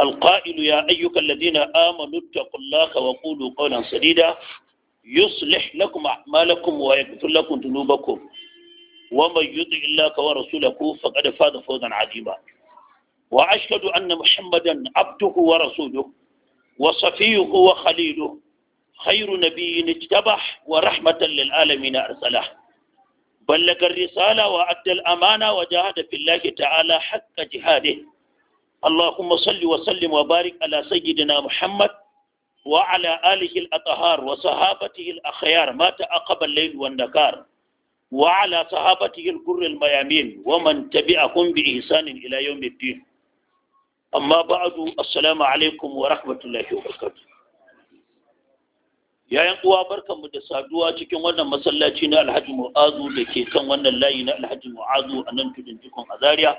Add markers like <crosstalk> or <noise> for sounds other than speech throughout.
القائل يا أيها الذين آمنوا اتقوا الله وقولوا قولا سديدا يصلح لكم أعمالكم ويغفر لكم ذنوبكم ومن يطع الله ورسوله فقد فاز فوزا عظيما وأشهد أن محمدا عبده ورسوله وصفيه وخليله خير نبي اجتبح ورحمة للعالمين أرسله بلغ الرسالة وأدى الأمانة وجاهد في الله تعالى حق جهاده اللهم صل وسلم وبارك على سيدنا محمد وعلى آله الأطهار وصحابته الأخيار ما تعقب الليل والنكار وعلى صحابته الكر الميامين ومن تبعهم بإحسان إلى يوم الدين أما بعد السلام عليكم ورحمة الله وبركاته yayan uwa barkanmu da saduwa cikin wannan masallaci na alhaji mu'azu da ke kan wannan layi na alhaji mu'azu a nan tudun jikon azariya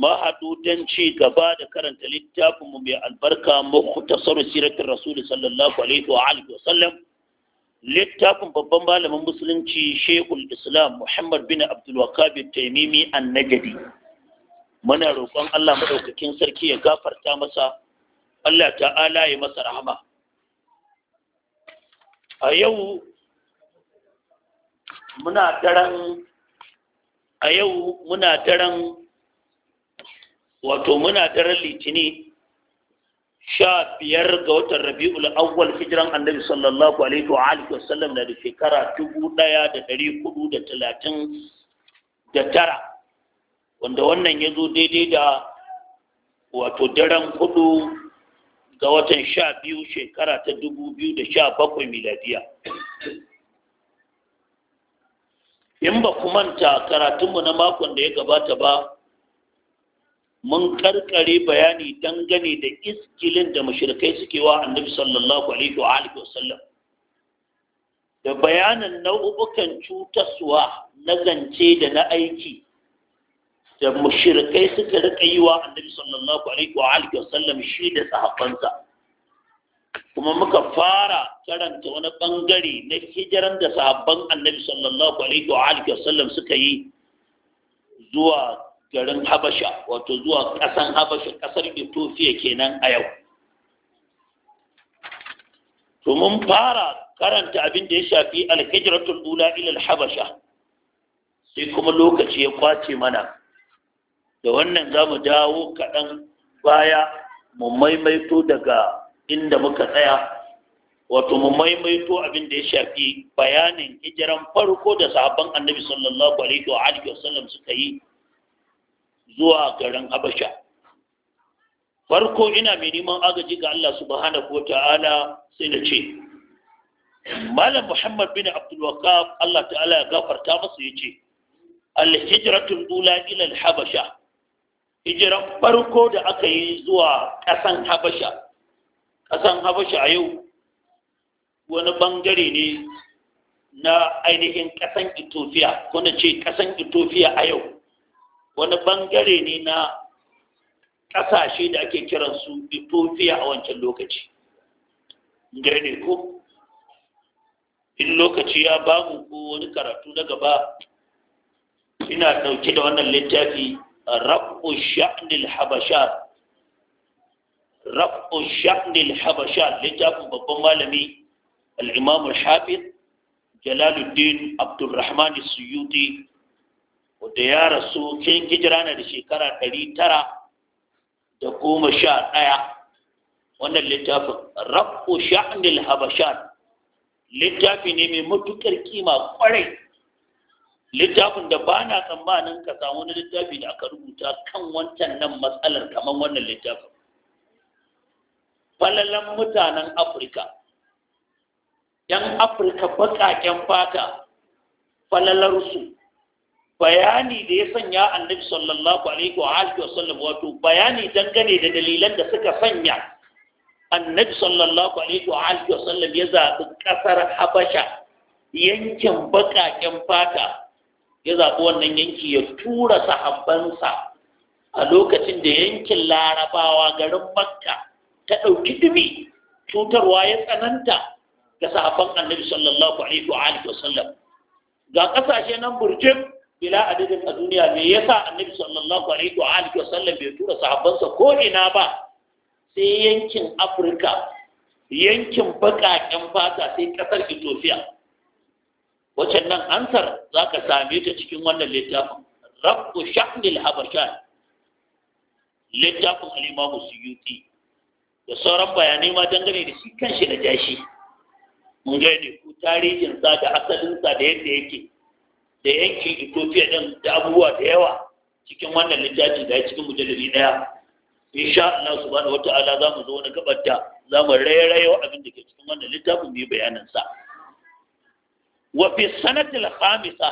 mahadu don ci gaba da karanta littafinmu mai albarka mukhtasar siratul rasul alaihi wa sallam littafin babban malamin musulunci shekul islam muhammad bin abdul wahhab taimimi annajadi muna roƙon Allah madaukakin sarki ya gafarta masa Allah ta'ala masa rahama a yau muna daren a yau muna daren wato muna daren litini sha biyar ga watan rabi'ul awwal hijiran annabi sallallahu alaihi wa alihi wasallam na da shekara dubu ɗaya da dari hudu da talatin da tara wanda wannan ya zo daidai da wato daren hudu ga watan sha biyu shekara ta dubu biyu da sha bakwai miladiya in ba ku manta karatunmu na makon da ya gabata ba mun karkare bayani dangane da iskilin da mashirkai suke wa annabi sallallahu alaihi wa alihi wasallam da bayanan nau'ukan cutaswa na zance da na aiki da mashirkai suka rika yi wa annabi sallallahu alaihi wa alihi wasallam shi da sahabbansa kuma muka fara karanta wani bangare na hijiran da sahabban annabi sallallahu alaihi wa alihi wasallam suka yi zuwa garin habasha wato zuwa ƙasan habasha ƙasar ethiopia kenan a yau to mun fara karanta abin da ya shafi alhijratul ula ila habasha sai kuma lokaci ya kwace mana da wannan za mu dawo kaɗan baya mu maimaito daga inda muka tsaya wato mu maimaito abin da ya shafi bayanin hijiran farko da sahabban annabi sallallahu alaihi wa alihi wasallam suka yi zuwa garin habasha farko ina mai neman agaji ga Allah subhanahu wata'ala sai da ce malam muhammad bin abdulwakaf Allah ta'ala ya gafarta masu ya ce alhijratun dula ilal habasha hijiran farko da aka yi zuwa ƙasan habasha ƙasan habasha a yau wani bangare ne na ainihin ƙasan Itofiya ko na ce ƙasan Itofiya a yau wani bangare ne na ƙasashe da ake kiran su ethiopia a wancan lokaci gane ko in lokaci ya mu ko wani karatu na gaba ina ɗauke da wannan littafi rabu sha'nil habasha rabu sha'nil habasha littafin babban malami Alimamul al jalaluddin abdulrahman suyuti wanda ya rasu cikin hijira na da shekara ɗari tara da goma sha ɗaya wannan littafin rabu sha'anil habashan littafi ne mai matuƙar kima kwarai littafin da ba na tsammanin ka samu wani littafi da aka rubuta kan wancan nan matsalar kamar wannan littafin falalan mutanen afirka yan afirka baƙaƙen fata falalarsu bayani da ya sanya annabi sallallahu alaihi wa alihi wa sallam wato bayani dangane da dalilan da suka sanya annabi sallallahu alaihi wa alihi wa sallam ya zaɓi ƙasar habasha yankin baƙaƙen fata ya zaɓi wannan yanki ya tura sahabbansa a lokacin da yankin larabawa garin makka ta ɗauki dumi cutarwa ya tsananta ga sahabban annabi sallallahu alaihi wa alihi wa sallam ga ƙasashe nan burjin bila adadin a duniya me yasa annabi sallallahu alaihi wa alihi wa sallam bai tura sahabbansa ko ina ba sai yankin afirka yankin baƙaƙen fata sai ƙasar ethiopia wacce nan ansar za ka same ta cikin wannan littafin rabu sha'nil habashan littafin alimamu suyuti da sauran bayanai ma dangane da shi kanshi da jashi mun gane ku tarihinsa da asalinsa da yadda yake da yankin ethiopia din da abubuwa da yawa cikin wannan littafi da cikin mujallali daya insha Allah subhanahu wataala za mu zo wani gabar da za rairayo abin da ke cikin wannan littafin mai yi bayanin sa wa fi sanati al-khamisa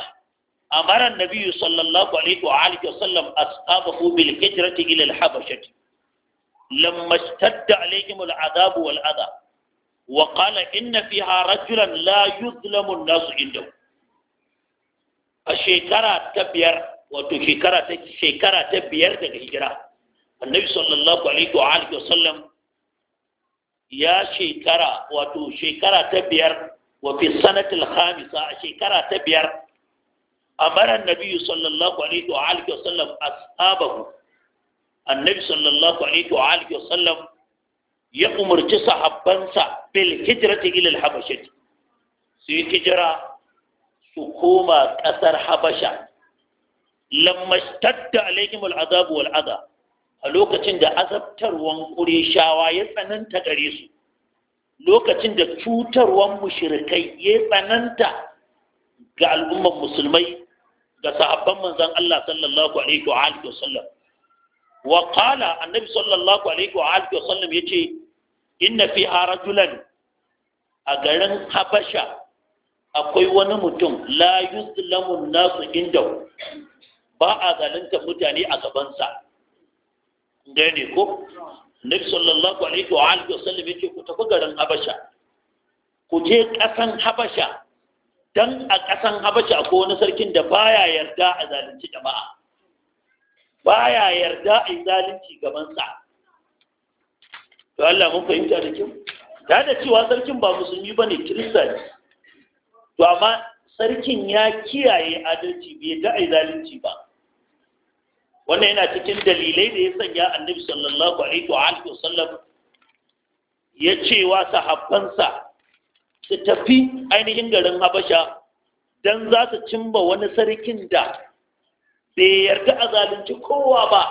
amara an sallallahu alaihi wa alihi wa sallam ashabahu bil hijrati ila al-habashah lamma ishtadda alaihim al-adab wal adha وقال إن فيها رجلا لا يظلم الناس عنده a shekara ta biyar wato shekara ta shekara ta biyar daga hijira annabi sallallahu alaihi wa alihi wasallam ya shekara wato shekara ta biyar wa fi sanatil khamisa a shekara ta biyar amara annabi sallallahu alaihi wa alihi wasallam ashabahu annabi sallallahu alaihi wa alihi wasallam ya umarci sahabbansa bil hijrati ila al habashati su yi hijira su koma ƙasar habasha lammastatta alaihim al'azabu wal a lokacin da azabtarwan shawa ya tsananta gare su lokacin da cutarwan mushrikai ya tsananta ga al'umman musulmai ga sahabban manzan Allah sallallahu alaihi wa alihi wasallam wa qala annabi sallallahu alaihi wa wasallam yace inna fiha rajulan a garin habasha akwai wani mutum la yuzlamu nasu inda ba a zalunta mutane a gabansa ne ko nabi sallallahu alaihi wa alihi wasallam yake ku tafi garin habasha ku je kasan habasha dan a kasan habasha ko wani sarkin da baya yarda a zalunci jama'a baya yarda a zalunci gabansa to Allah mun fahimta da kyau da da cewa sarkin ba musulmi bane kirista ne to amma sarkin ya kiyaye adalci bai da zalunci ba wannan yana cikin dalilai da ya sanya annabi sallallahu alaihi wa alihi wasallam ya ce wa sahabbansa su tafi ainihin garin habasha dan za su cimba wani sarkin da bai yarda a zalunci kowa ba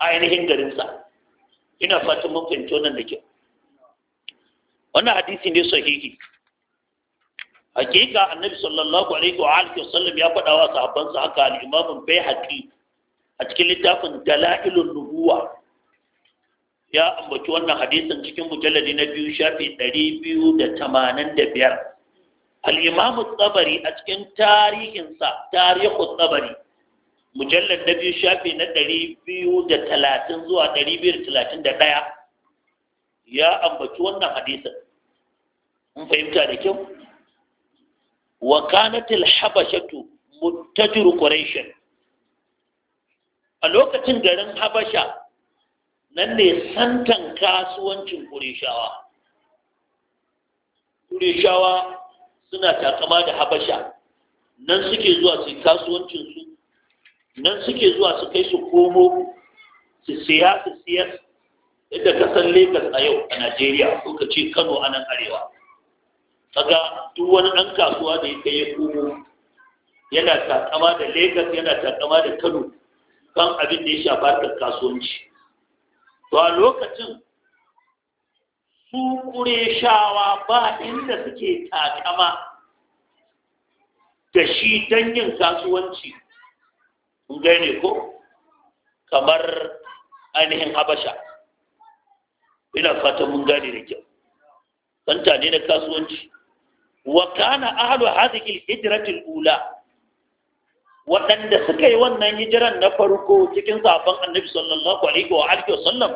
a ainihin garinsa ina fatan mun fahimci wannan da kyau wannan hadisi ne sahihi hakika annabi sallallahu alaihi wa alihi wasallam ya faɗa wa sahabbansa haka al imam baihaqi a cikin littafin dalailun nubuwa ya ambaci wannan hadisin cikin mujalladi na biyu shafi 285 al imam tsabari a cikin tarihinsa tarihu tsabari mujallar na biyu shafi na ɗari biyu da talatin zuwa ɗari biyu da talatin da ɗaya ya ambaci wannan hadisin mun fahimta da kyau wa al-habashatu Mutajiru quraish a lokacin garin habasha nan ne santan kasuwancin qurayshawa qurayshawa suna takama da habasha nan suke zuwa su kasuwancin su nan suke zuwa su kai su komo su siya su siyar yadda kasan Legas a yau a Najeriya ko ka ce Kano a nan arewa kaga duk wani ɗan kasuwa da ya kai ya komo yana takama da lagos yana takama da kano kan abin da ya shafa da kasuwanci to a lokacin su kure shawa ba inda suke takama da shi don yin kasuwanci gane ko kamar ainihin habasha ina fata mun gane da kyau kanta ne na kasuwanci wa kana ahlu hadhihi al-hijrati ula waɗanda suka yi wannan hijiran na farko cikin zaben annabi sallallahu alaihi wa alihi wasallam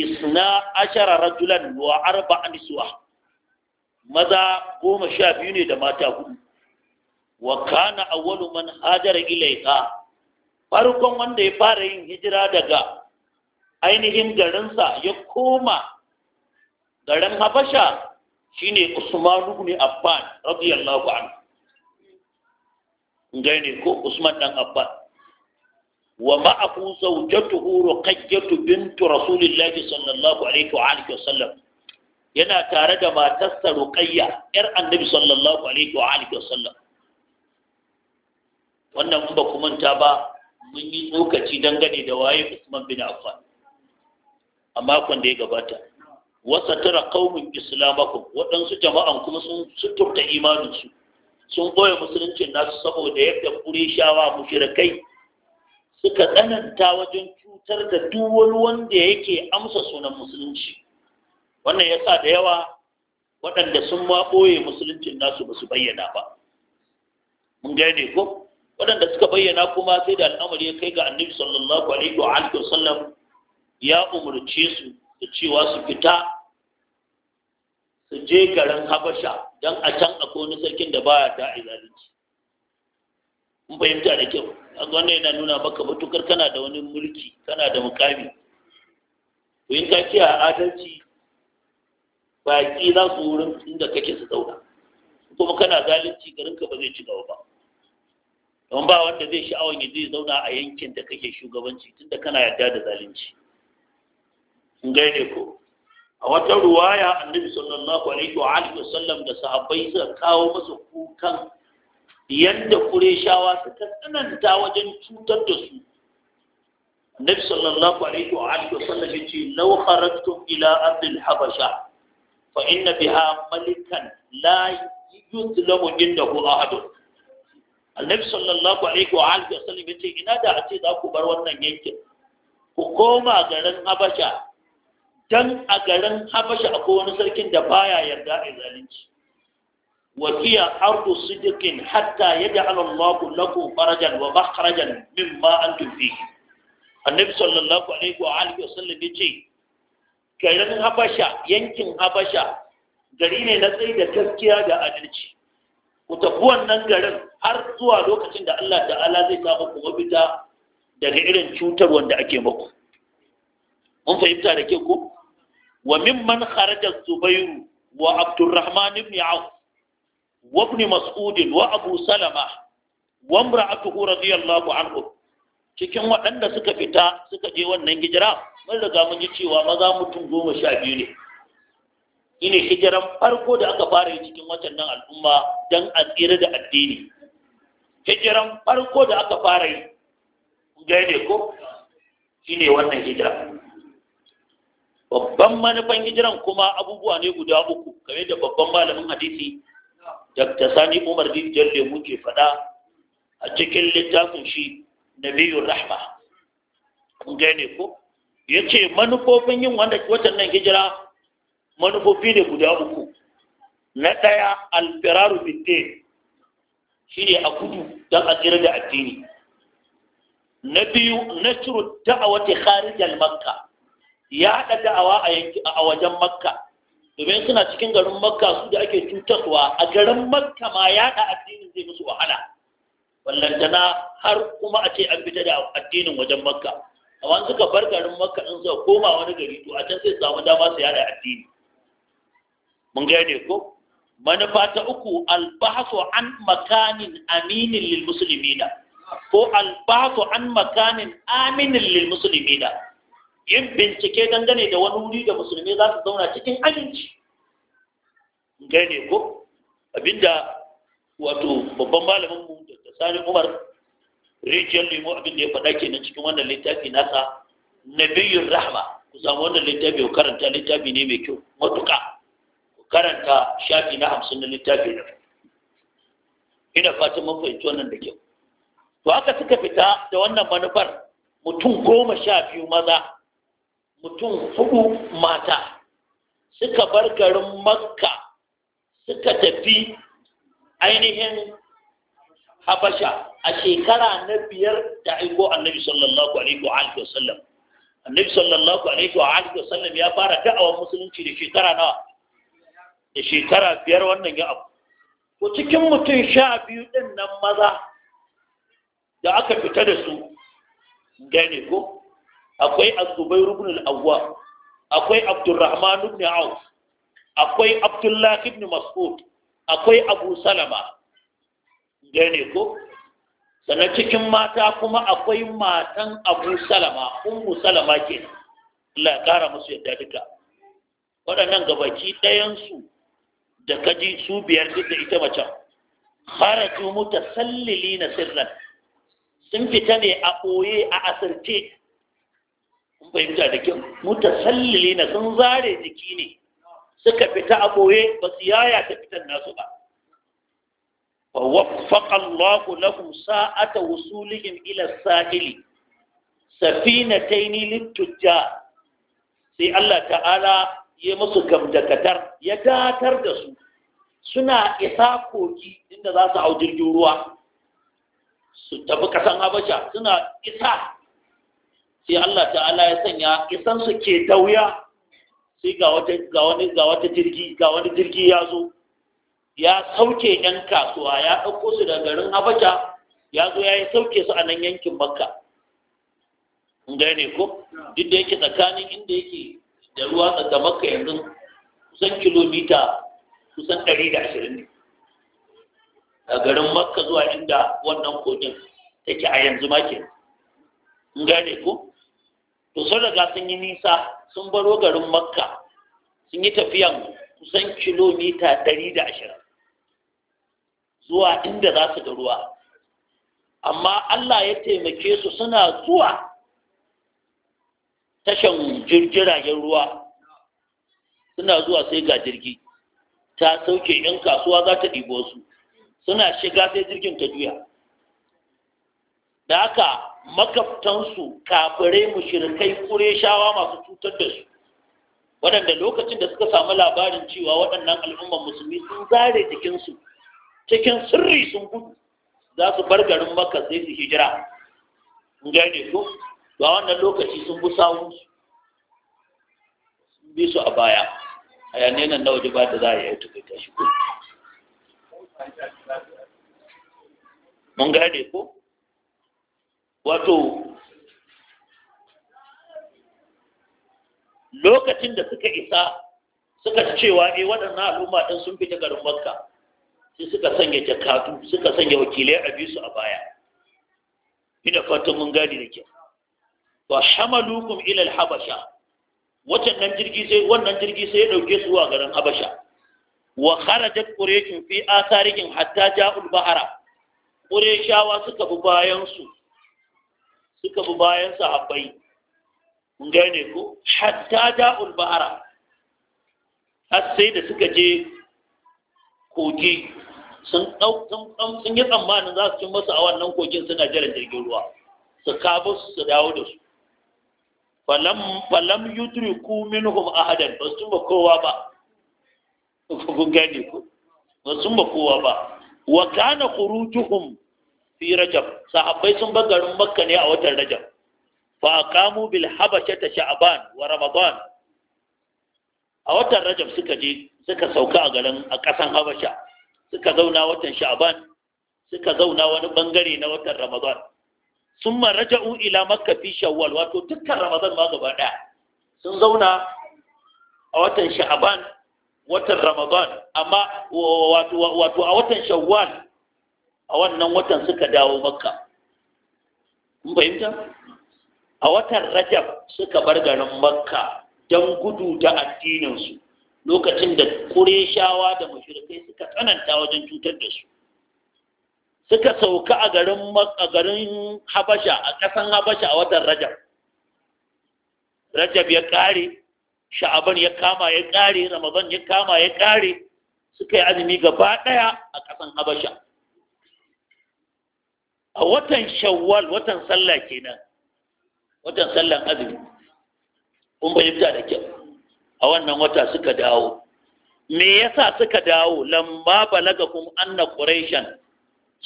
isna ashara rajulan wa arba'a niswa maza goma sha biyu ne da mata hudu wa kana awwalu man hajara ilayha farkon wanda ya fara yin hijira daga ainihin garinsa ya koma garin habasha shine Usman ibn Affan radiyallahu anhu ne ko Usman dan Affan wa ma'ahu zawjatuhu Ruqayyah bint Rasulillah sallallahu alaihi wa alihi wa sallam yana tare da matarsa Ruqayya yar Annabi sallallahu alaihi wa alihi wa sallam wannan in ba kuma ta ba mun yi tsokaci dangane da waye Usman bin Affan a makon da ya gabata wasa tara kaumin islamakum waɗansu jama'an kuma sun suturta imaninsu sun boye musuluncin nasu saboda yadda shawa mushrikai suka tsananta wajen cutar da duk wanda yake amsa sunan musulunci wannan yasa da yawa waɗanda sun ma ɓoye musuluncin nasu ba su bayyana ba mun gane ko waɗanda suka bayyana kuma sai da al'amari ya kai ga annabi sallallahu alaihi wa alihi ya umurce su da cewa su fita su je garin habasha don a can akwai wani sarkin da baya a zalunci mun fahimta da kyau A wannan yana nuna maka matukar kana da wani mulki kana da mukami to in ka adalci baƙi za su wurin inda kake su zauna kuma kana zalunci garinka ba zai ci gaba ba don ba wanda zai sha'awar ya zai zauna a yankin da kake shugabanci tunda kana yarda da zalunci ne ko a wata ruwaya annabi sallallahu alaihi wa alihi wasallam da sahabbai suka kawo masa kukan yadda kureshawa suka tsananta wajen cutar da su annabi sallallahu alaihi wa alihi wasallam yace law kharajtum ila ardil habasha fa inna biha malikan la yuzlamu indahu ahad annabi sallallahu alaihi wa alihi wasallam yace ina da a ce za ku bar wannan yankin ku koma garin habasha dan a garin habasha akwai wani sarkin da baya yarda a zalunci وهي da صدق حتى يجعل الله لكم فرجا ومخرجا مما أنتم فيه النبي صلى الله عليه وآله وسلم ce, garin habasha yankin habasha gari ne na tsaye da gaskiya da adalci ku tafi wannan garin har zuwa lokacin da Allah ta'ala zai sa muku mafita daga irin cutar wanda ake muku mun fahimta da ke ku wa mimman kharaja zubairu wa abdurrahman ibn auf wa ibn mas'ud wa abu salama wa cikin waɗanda suka fita suka je wannan hijira mun riga mun ji cewa maza mutum goma sha biyu ne ine hijiran farko da aka fara yi cikin watan al'umma don a tsira da addini hijiran farko da aka fara yi gane ko shine wannan hijira babban manufan hijiran kuma abubuwa ne guda uku kamar da babban malamin hadisi dr sani umar rijiyar jalle ke faɗa a cikin littafin shi na rahma kun gane ko ya ce manufofin yin wanda watan hijira manufofi ne guda uku na ɗaya alfiraru bidde shi ne a kudu don a da addini na biyu na shiru da'awati kharijal makka ya haɗa da'awa a wajen makka domin suna cikin garin makka su da ake cutarwa a garin makka ma yaɗa addinin zai musu wahala ballantana har kuma a ce an fita da addinin wajen makka amma suka bar garin makka in suka koma wani gari to a can sai samu dama su yada addini mun gane ko manufa ta uku albahasu an makanin aminin lil muslimina ko albahasu an makanin aminin lil muslimina yin bincike dangane da wani wuri da musulmi za su zauna cikin aminci gane ko abinda wato babban malamin mu da sani umar rijiyar limo abinda ya faɗa ke na cikin wannan littafi nasa biyun rahma ku samu wannan littafi ku karanta littafi ne mai kyau matuƙa ku karanta shafi na hamsin na littafi na ina fatan mun fahimci wannan da kyau to haka suka fita da wannan manufar mutum goma sha biyu maza mutum hudu mata suka bar garin makka suka tafi ainihin habasha a shekara na biyar da aiko annabi sallallahu alaihi wa alihi wasallam annabi sallallahu alaihi wa alihi wasallam ya fara da'awar musulunci da shekara nawa da shekara biyar wannan ya abu ko cikin mutum sha biyu din nan maza da aka fita da su gane ko akwai azubai rubun al'awwa akwai abdurrahman ibn auf akwai abdullahi ibn mas'ud akwai abu salama gane ko sannan cikin mata kuma akwai matan abu salama ummu salama ke Allah ya kara musu yadda duka waɗannan gabaki ɗayansu da kaji su biyar duk da ita macen kharaju mutasallili na sirran sun fita ne a ɓoye a asirce kun fahimta da kyau mutasallili na sun zare jiki ne suka fita a boye ba su yaya ta fitan nasu ba fa waffaqa Allahu lahum sa'ata wusulihim ila sahili safinataini littujjar sai Allah ta'ala ya musu gamdakatar ya datar da su suna isa koki inda za su hau jirgin ruwa su tafi kasan habasha suna isa sai Allah ta'ala ya sanya isan su ke ta wuya sai ga wata ga wani ga wata jirgi ga wani jirgi ya zo ya sauke yan kasuwa ya ɗauko su daga garin Habasha ya zo ya yi sauke su a nan yankin Makka in gane ko duk da yake tsakanin inda yake da ruwa da Makka yanzu kusan kilomita kusan 120 ne a garin Makka zuwa inda wannan kogin take a yanzu ma In gane ko to sun riga sun yi nisa sun baro garin makka sun yi tafiyan kusan kilomita ɗari da ashirin zuwa inda za su ga ruwa amma Allah ya taimake su suna zuwa tashan jirgirayen ruwa suna zuwa sai ga jirgi ta sauke 'yan kasuwa za ta ɗibo su suna shiga sai jirgin ta juya da aka makaftansu kafirai kure kureshawa masu cutar da su waɗanda lokacin da suka samu labarin cewa waɗannan al'umman musulmi sun zare jikinsu cikin sirri sun gudu za su bar garin maka sai su hijira gane ku ba wannan lokaci sun bi sawun sun bi su a baya a yanayi nan na waje ba da za a yi ta shi ko mun gane ko wato lokacin da suka isa suka cewa eh waɗannan al'umma ɗin sun fita garin makka sai suka sanya jakatu suka sanya wakilai a bisu a baya ina fatan mun gani da kyau wa shamalukum ila habasha wannan jirgi sai wannan jirgi sai ya dauke su zuwa garin habasha wa kharajat quraish fi atharikin hatta ja'ul bahara quraishawa suka bi bayan su suka bi bayan sahabbai mun gane ku. hatta da'ul bahara har sai da suka je kogi sun sun yi tsammanin za su cin masa a wannan kogin suna jiran jirgin ruwa su kabo su su dawo da su falam yudriku minhum ahadan ba su ba kowa ba <laughs> kun gane ku. ba su ba kowa ba wa kana khurujuhum fi rajab sahabbai sun bar garin makka ne a watan rajab fa aqamu bil habashata sha'ban wa ramadan a watan rajab suka je suka sauka a garin a ƙasan habasha suka zauna watan sha'ban suka zauna wani bangare na watan ramadan sun maraja'u ila makka fi shawwal wato dukkan ramadan ma gaba ɗaya sun zauna a watan sha'ban watan ramadan amma wato a watan shawwal a wannan watan suka dawo makka mun fahimta a watan rajab suka bar garin makka don gudu da addininsu lokacin da kureshawa da mashirikai suka tsananta wajen cutar da su suka sauka a garin a garin habasha a ƙasan habasha a watan rajab rajab ya ƙare sha'aban ya kama ya ƙare ramadan ya kama ya ƙare suka yi azumi gaba ɗaya a ƙasan habasha a watan shawwal watan sallah kenan watan sallan azumi kun fahimta da kyau a wannan wata suka dawo me yasa suka dawo lamma balaga kum anna quraishan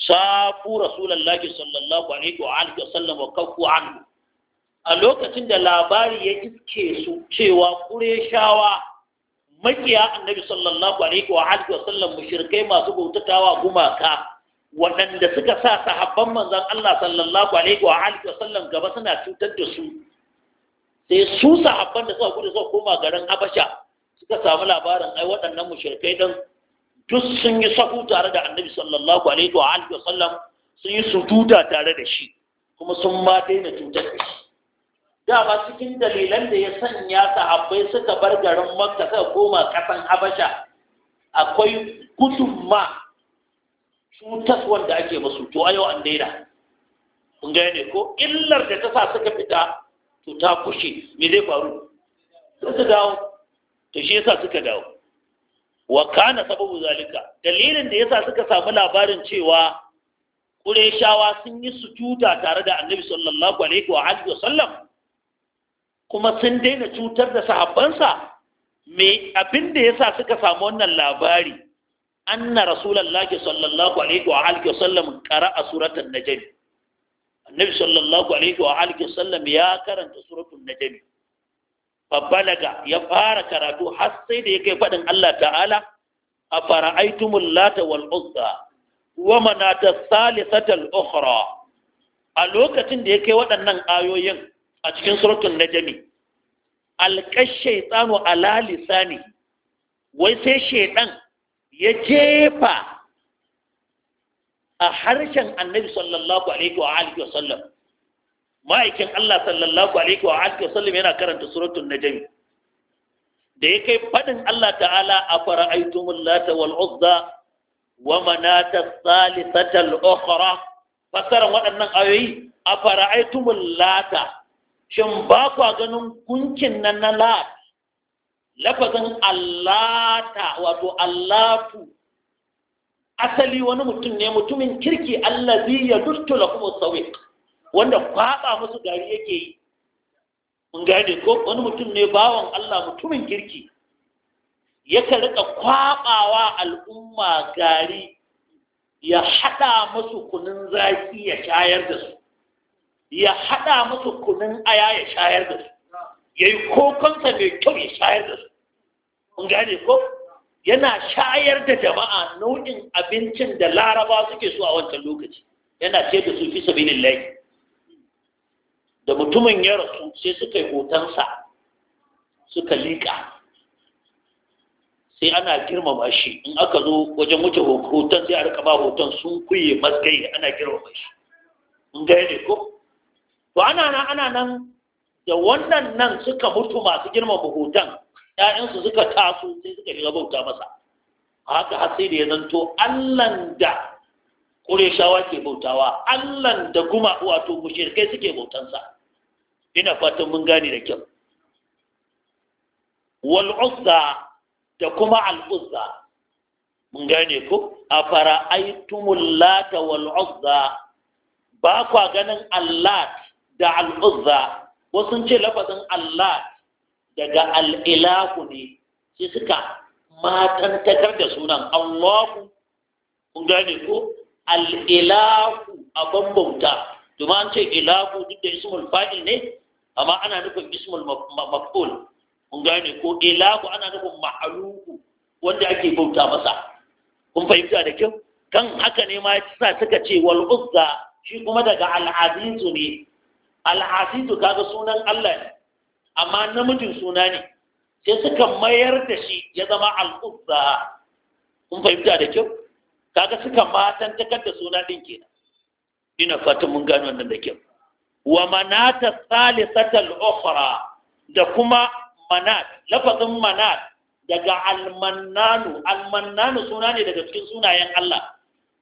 safu rasulullahi sallallahu alaihi wa alihi wasallam wa kafu anhu a lokacin da labari ya iske su cewa qurayshawa makiya annabi sallallahu alaihi wa alihi wasallam mushrikai masu bautatawa gumaka waɗanda suka sa sahabban manzan Allah sallallahu alaihi wa alihi wasallam gaba suna cutar da su sai su sahabban da suka gudu suka koma garin Habasha suka samu labarin ai waɗannan mushrikai don duk sun yi sahu tare da Annabi sallallahu alaihi wa alihi wasallam sun yi sujuda tare da shi kuma sun ma daina cutar da shi dama cikin dalilan da ya sanya sahabbai suka bar garin Makka suka koma ƙasan Habasha akwai gudunma cutas wanda ake masu to a yau an daina kun gaya ne ko illar da ta sa suka fita to ta kushe me zai faru sun su dawo to shi yasa suka dawo wa kana sababu zalika dalilin da yasa suka samu labarin cewa Qurayshawa sun yi sujuda tare da Annabi sallallahu alaihi wa alihi wasallam kuma sun daina cutar da sahabbansa me abin da yasa suka samu wannan labari anna rasulullahi sallallahu alaihi wa alihi wasallam qara'a suratul najm annabi sallallahu alaihi wa alihi wasallam ya karanta suratul najm fabbalaga ya fara karatu har sai da yake fadin Allah ta'ala a fara'aitumul lata wal uzza wa manata salisatal ukhra a lokacin da yake waɗannan ayoyin a cikin suratul najmi alqash shaytanu ala lisani wai sai shaydan ya jefa a harshen annabi sallallahu alaihi wa alihi wa sallam ma'aikin Allah sallallahu alaihi wa alihi wa sallam yana karanta suratul najmi da ya kai fadin Allah ta'ala a fara'aitumul lata wal uzza wa manata thalithata al ukhra fasaran waɗannan ayoyi a fara'aitumul lata shin ba ku ganin gunkin nan na lat lafazin allata wato allatu asali wani mutum ne mutumin kirki allazi ya duttu kuma sawiq wanda kwaba musu gari yake yi mun gane ko wani mutum ne bawan Allah mutumin kirki yakan rika kwabawa al'umma gari ya hada musu kunun zaki ya shayar da su ya hada musu kunun aya ya shayar da su ya yi kokonsa mai kyau ya shayar da su kun gane ko yana shayar da jama'a nau'in abincin da laraba suke so a wancan lokaci yana ce da su fi sabinin lai da mutumin ya rasu sai suka yi hotonsa suka liƙa sai ana girmama shi in aka zo wajen wuce hoton sai a rika ba hoton sun kuye masgai ana girmama shi in gane ko to ana nan ana nan da wannan nan suka mutu masu girma buhutan ‘ya'yansu suka taso sai suka shiga bauta masa haka har sai da ya zanto allan da ƙureshawa ke bautawa allan da kuma wato mushirkai suke bautansa ina fatan mun gane da kyau wal uzza da kuma al uzza mun gane ko a fara aitumul lata wal uzza ba kwa ganin allat da al uzza wasu ce lafazin Allah daga Al'ilaku ne shi suka matantakar da sunan Allahu kun gane ko Al'ilaku a bambauta. Tuma an ce Ilaku duk da ismul fa'il ne amma ana nufin ismul maf'ul kun gane ko Ilaku ana nufin ma'aluku wanda ake bauta masa kun fahimta da kyau kan haka ne ma sa suka ce wal shi kuma daga al'azizu ne alhasidu kaga sunan Allah ne amma namijin suna ne sai suka mayar da shi ya zama al'uzza kun fahimta da kyau kaga suka matan takar da suna din kenan ina fatan mun gano wannan da kyau wa manata salisatal ukhra da kuma manat lafazin manat daga almannanu almannanu suna ne daga cikin sunayen Allah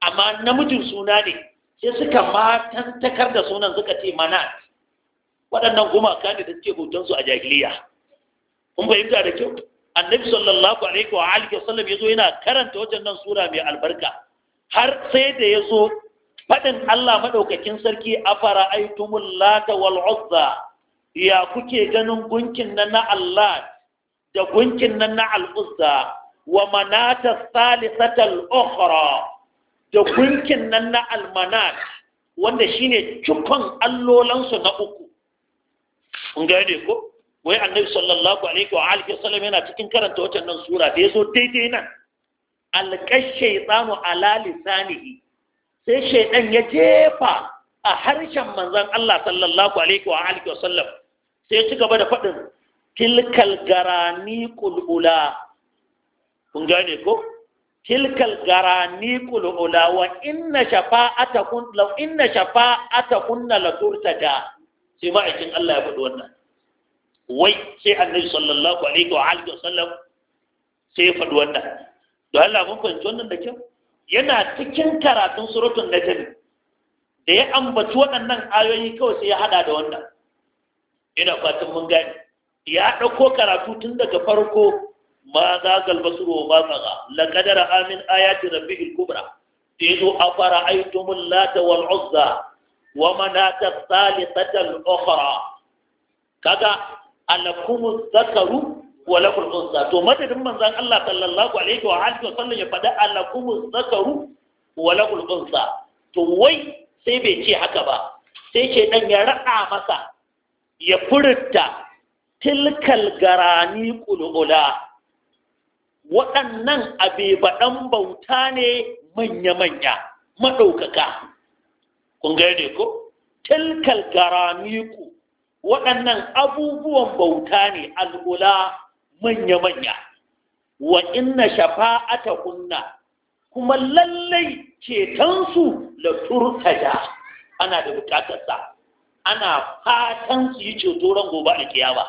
amma namijin suna ne sai suka matan takar da sunan suka ce manat waɗannan gumaka ne da suke hotonsu a jahiliya kun fahimta da kyau annabi sallallahu alaihi wa alihi wasallam yazo yana karanta nan sura mai albarka har sai da yazo fadin Allah madaukakin sarki afara aitumul lata wal uzza ya kuke ganin gunkin nan na Allah da gunkin nan na al uzza wa manata salisatal ukhra da gunkin nan na al manat wanda shine cikon allolansu na uku kun gane ko wai annabi sallallahu alaihi wa alihi wasallam yana cikin karanta waccan nan sura da yazo daidai nan alqash shaytanu ala lisanihi sai shaydan ya jefa a harshen manzon Allah sallallahu alaihi wa alihi wasallam sai ya ci gaba da faɗin tilkal garani kulula kun gane ko tilkal garani kulula wa inna shafa'ata kun law inna shafa'ata kunna la turtada sai ma'aikin Allah ya faɗi wannan wai sai annabi sallallahu alaihi wa alihi wa sallam sai ya faɗi wannan don Allah mun fahimci wannan da kyau yana cikin karatun suratul najm da ya ambaci waɗannan ayoyi kawai sai ya hada da wannan ina fatan mun gane ya ɗauko karatu tun daga farko ma za galbasu wa ma tsaga la qadara amin ayati rabbil kubra da yazo afara aitumul lata wal uzza wa manata ta ukhra kaga alakumu zakaru wa lakum unsa to madadin manzon Allah sallallahu alaihi wa alihi wa sallam ya faɗa alakumu zakaru wa lakum unsa to wai sai bai ce haka ba sai ke dan ya ra'a masa ya furta tilkal garani qulula waɗannan abebaɗan bauta ne manya-manya maɗaukaka kun gane ko tilkal garamiku waɗannan abubuwan bauta ne al'ula manya-manya wa inna shafa'ata kunna kuma lallai cetonsu da turkaja ana da bukatarsa ana fatan su yi ceto ran gobe a kiyama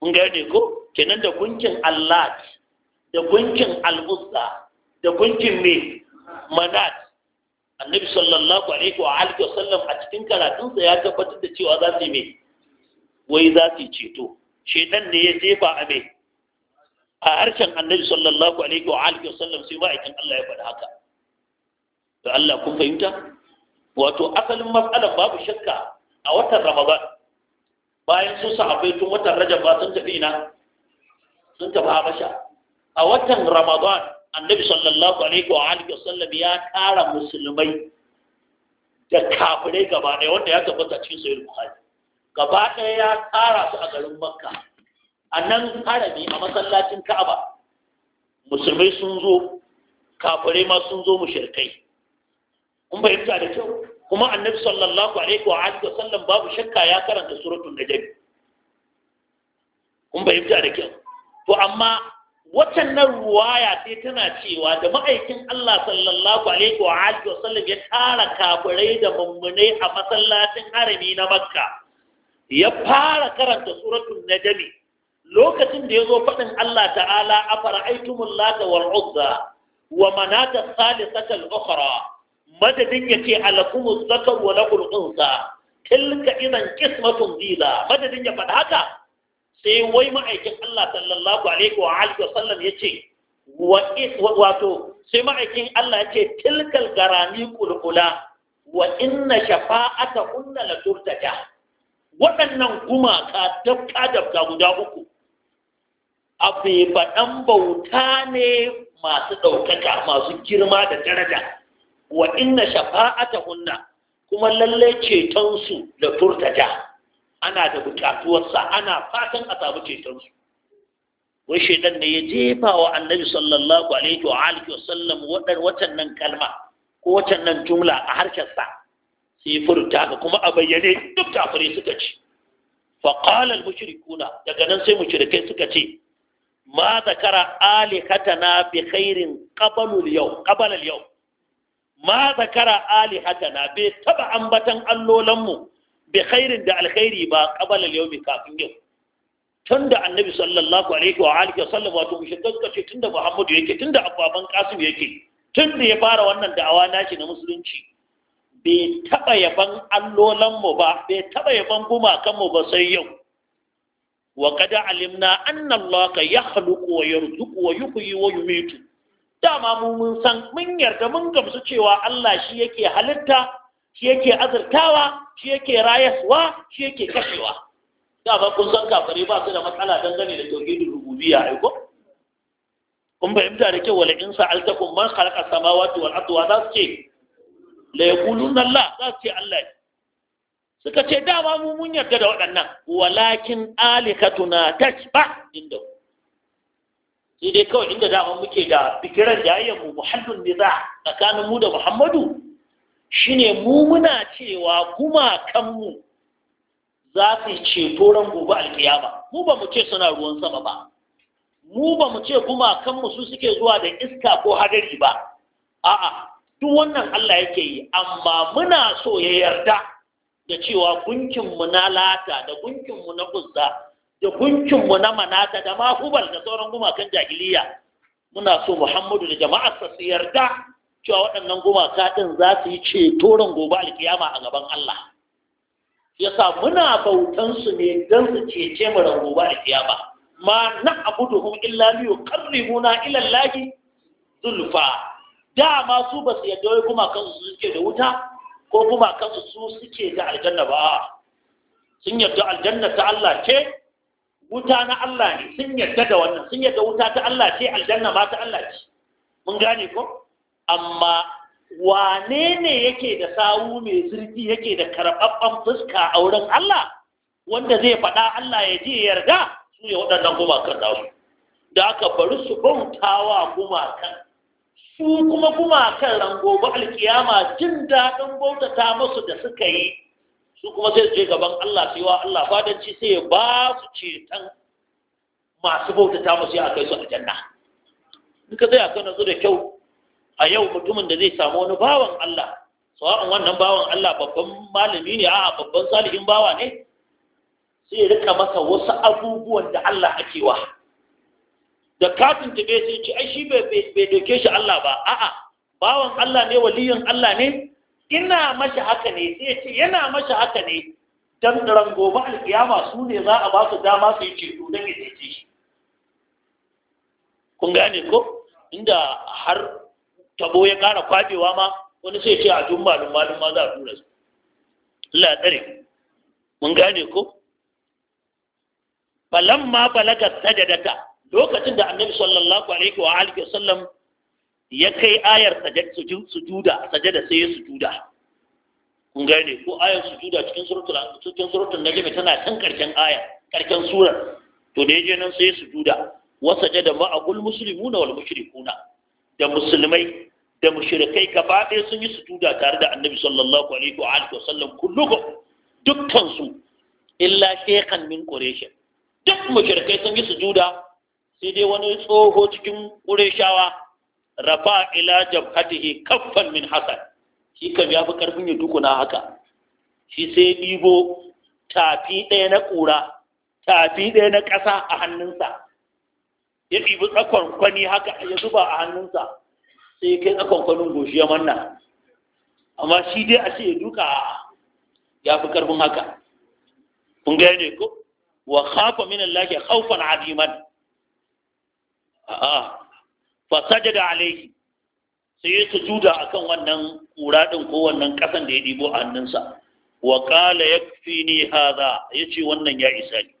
kun ga ne ko kenan da gunkin Allah da gunkin al da gunkin me manat annabi sallallahu alaihi wa alihi wasallam a cikin karatunsa ya tabbatar da cewa za su yi mai wai za su yi ceto shedan ne ya jefa a mai a harshen annabi sallallahu alaihi wa alihi wasallam sai ma'aikin Allah ya faɗi haka to Allah kun fahimta wato asalin matsalar babu shakka a watan Ramadan bayan sun sahabbai tun watan Rajab ba sun tafi ina sun tafi Habasha a watan Ramadan annabi sallallahu alaihi wa alihi wasallam ya kara musulmai da kafirai gaba ɗaya wanda ya tabbata cikin sayyid bukhari gaba ɗaya ya kara su a garin makka a nan harami a masallacin ka'aba musulmai sun zo kafirai ma sun zo mushrikai kun fahimta da kyau kuma annabi sallallahu alaihi wa alihi wasallam babu shakka ya karanta suratul najm kun fahimta da kyau to amma waccan nan ruwaya sai tana cewa da ma'aikin Allah sallallahu alaihi wa alihi wa sallam ya tara kafirai da mummunai a masallacin harami na Makka ya fara karanta suratul najmi lokacin da yazo fadin Allah ta'ala afara'aytumul lata wal uzza wa manata thalithata al ukhra madadin yace alakumuz zakar wa lakul unsa tilka idan qismatun dila madadin ya fada haka sai wai ma'aikin Allah sallallahu alaihi wa alihi sallam yace wa is wato sai ma'aikin Allah yace tilkal garami qulqula wa inna shafa'ata kunna la turtaja waɗannan gumaka dabka dabka guda uku abebaɗan bauta ne masu ɗaukaka masu girma da daraja wa inna shafa'ata kunna kuma lalle cetonsu da turtaja ana da buƙatuwarsa ana fatan a samu cetonsu wai shaidan ne ya jefa wa annabi sallallahu alaihi wa alihi wa sallam waɗannan kalma ko watannan jumla a harkarsa sai furta ka kuma a bayyane duk kafirai suka ci fa qala al mushrikuna daga nan sai mushrikai suka ce ma zakara alihatana bi khairin qabla al yawm qabla al yawm ma zakara alihatana bai taba ambatan allolanmu bi khairin da alkhairi ba qabala al-yawmi kafin yau tunda annabi sallallahu alaihi wa alihi wa sallam wato mushaddan tun tunda muhammadu yake tunda ababan qasim yake tunda ya fara wannan da'awa nashi na musulunci bai taba yaban allolan mu ba bai taba yaban mu ba sai yau wa qad alimna anna ka yakhluqu wa yarzuqu wa yuhyi wa yumitu dama mu mun san mun yarda mun gamsu cewa Allah shi yake halitta shi yake azurtawa shi yake rayaswa shi yake kashewa da ba kun san kafare ba su da matsala dangane da tauhidul rububiyya ai ko kun fahimta da kyau wala in sa'altakum man khalaqa samawati wal ardi wa su ce la yaquluna Allah su ce Allah suka ce da ba mu mun yarda da waɗannan walakin alikatuna tashba inda sai dai kawai inda dama muke da fikiran jayayyar mu muhallun niza tsakanin mu da Muhammadu shine mu muna cewa gumakanmu za su ceto ran gobe alkiyama mu ba mu ce suna ruwan sama ba mu ba mu ce gumakanmu su suke zuwa da iska ko hadari ba a'a duk wannan Allah yake yi amma muna so ya yarda da cewa gunkinmu na lata da gunkinmu na kuzza da gunkinmu na manata da mahubal da sauran gumakan jahiliya muna so Muhammadu da jama'arsa su yarda cewa waɗannan gumaka ɗin za su yi ceto ran gobe alkiyama a gaban Allah yasa muna bautan su ne don su cece mu ran gobe alkiyama ma na hun illa li yuqarribuna ila Allah zulfa dama su ba su yadda wai gumakan su suke da wuta ko gumakan su su suke da aljanna ba sun yadda aljanna ta Allah ce wuta na Allah ne sun yadda da wannan sun yadda wuta ta Allah ce aljanna ma ta Allah ce mun gane ko amma wane ne yake da sawu mai zurfi yake da karɓaɓɓen fuska a wurin Allah wanda zai faɗa Allah ya je yarda su ne waɗannan gumakan su da aka bari su bautawa gumakan su kuma gumakan rango ba alkiyama jin daɗin bautata musu da suka yi su kuma sai su je gaban Allah su yi wa Allah fadanci sai ba su ceton masu bautata musu ya kai su aljanna in ka zai aka nazu da kyau a yau mutumin da zai samu wani bawan Allah sawa'an wannan bawan Allah babban malami ne a'a babban salihin bawa ne sai rika masa wasu abubuwan da Allah ake wa da katin tabe sai ci ai shi bai doke shi Allah ba a'a bawan Allah ne waliyin Allah ne ina mashi haka ne sai ce yana mashi haka ne dan daren gobe alkiyama su ne za a basu dama su yi ceto dan ya cece shi kun gane ko inda har tabo ya ƙara kwabewa ma wani sai ce a tun malum malum ma za a tura su Allah tsare mun gane ko ma balaga sajadata lokacin da annabi sallallahu alaihi wa alihi wasallam ya kai ayar sujuda sajada sai ya sujuda kun gane ko ayar sujuda cikin suratul cikin suratul najm tana kan karshen aya karshen surar to da yaje nan sai ya sujuda wa sajada ma aqul muslimuna wal mushrikuna da musulmai da mushirikai gaba ɗaya sun yi sujuda tare da annabi sallallahu alaihi wa alihi wasallam kulluhum dukkan su illa shaykhan min quraish duk mushirikai sun yi sujuda sai dai wani tsoho cikin qurayshawa rafa ila jabhatihi kaffan min hasan shi kam ya fi karfin ya dukuna haka shi sai ɗibo tafi ɗaya na ƙura tafi ɗaya na ƙasa a hannunsa ya ɗibi tsakon kwani haka ya zuba a hannunsa sai kai kwankwanin goshi ya manna amma shi dai a ce ya duka ya fi karfin haka kun gaya ne ko wa khafa min Allah ya khawfan aziman a'a fa sajada alayhi sai ya sujuda akan wannan kuradin ko wannan kasan da ya dibo a hannunsa wa qala yakfini hadha yace wannan ya isa ni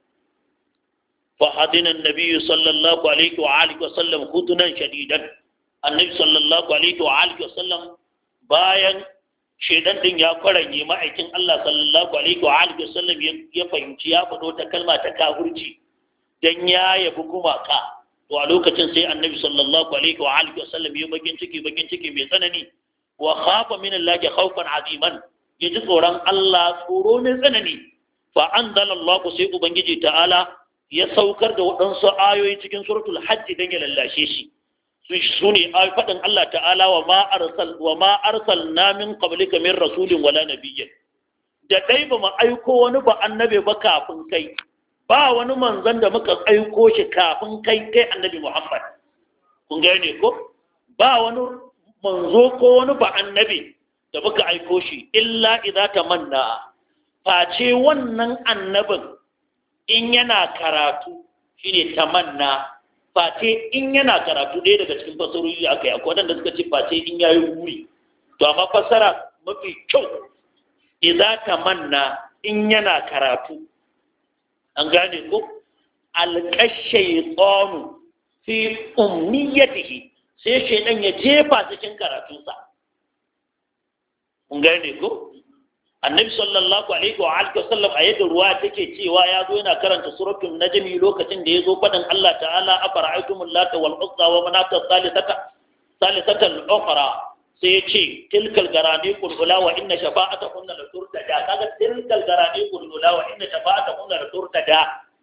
fa hadina annabi sallallahu alaihi wa alihi wa sallam khutunan shadidan annabi sallallahu alaihi wa alihi wasallam bayan shedan din ya kwaranye ma'aikin Allah sallallahu alaihi wa alihi wasallam ya fahimci ya faɗo ta kalma ta kafirci dan ya yabi gumaka to a lokacin sai annabi sallallahu alaihi wa alihi wasallam ya bakin ciki bakin ciki mai tsanani wa khafa min Allah khawfan aziman yaji tsoron Allah tsoro mai tsanani fa anzalallahu sai ubangiji ta'ala ya saukar da waɗansu ayoyi cikin suratul hajji dan ya lallashe shi su ne faɗin Allah ta'ala wa ma arsal wa ma rasulun min qablika biyar. rasulin wala da ɗai ba mu aiko wani ba annabi ba kafin kai ba wani manzan da muka aiko shi kafin kai kai annabi Muhammad kun gai ne ko ba wani manzo ko wani ba annabi da muka aiko shi illa idza manna. face wannan annabin in yana karatu shine manna. face in yana karatu ɗaya daga cikin fasarori aka yi akwai waɗanda suka ce face in ya yi wuri to amma fasara mafi kyau idza manna in yana karatu an gane ko alqa tsonu fi umniyatihi sai shaidan ya jefa cikin karatunsa an gane ko annabi sallallahu alaihi wa alihi wasallam a yadda ruwa take cewa ya zo yana karanta suratul najmi lokacin da ya zo fadin Allah ta'ala afara'aytumul lata wal uzza wa manata salisata salisata al-ukhra sai ya ce tilkal garane kulula wa inna shafa'ata kunna la turtada kaga tilkal garane kulula wa inna shafa'ata kunna la turtada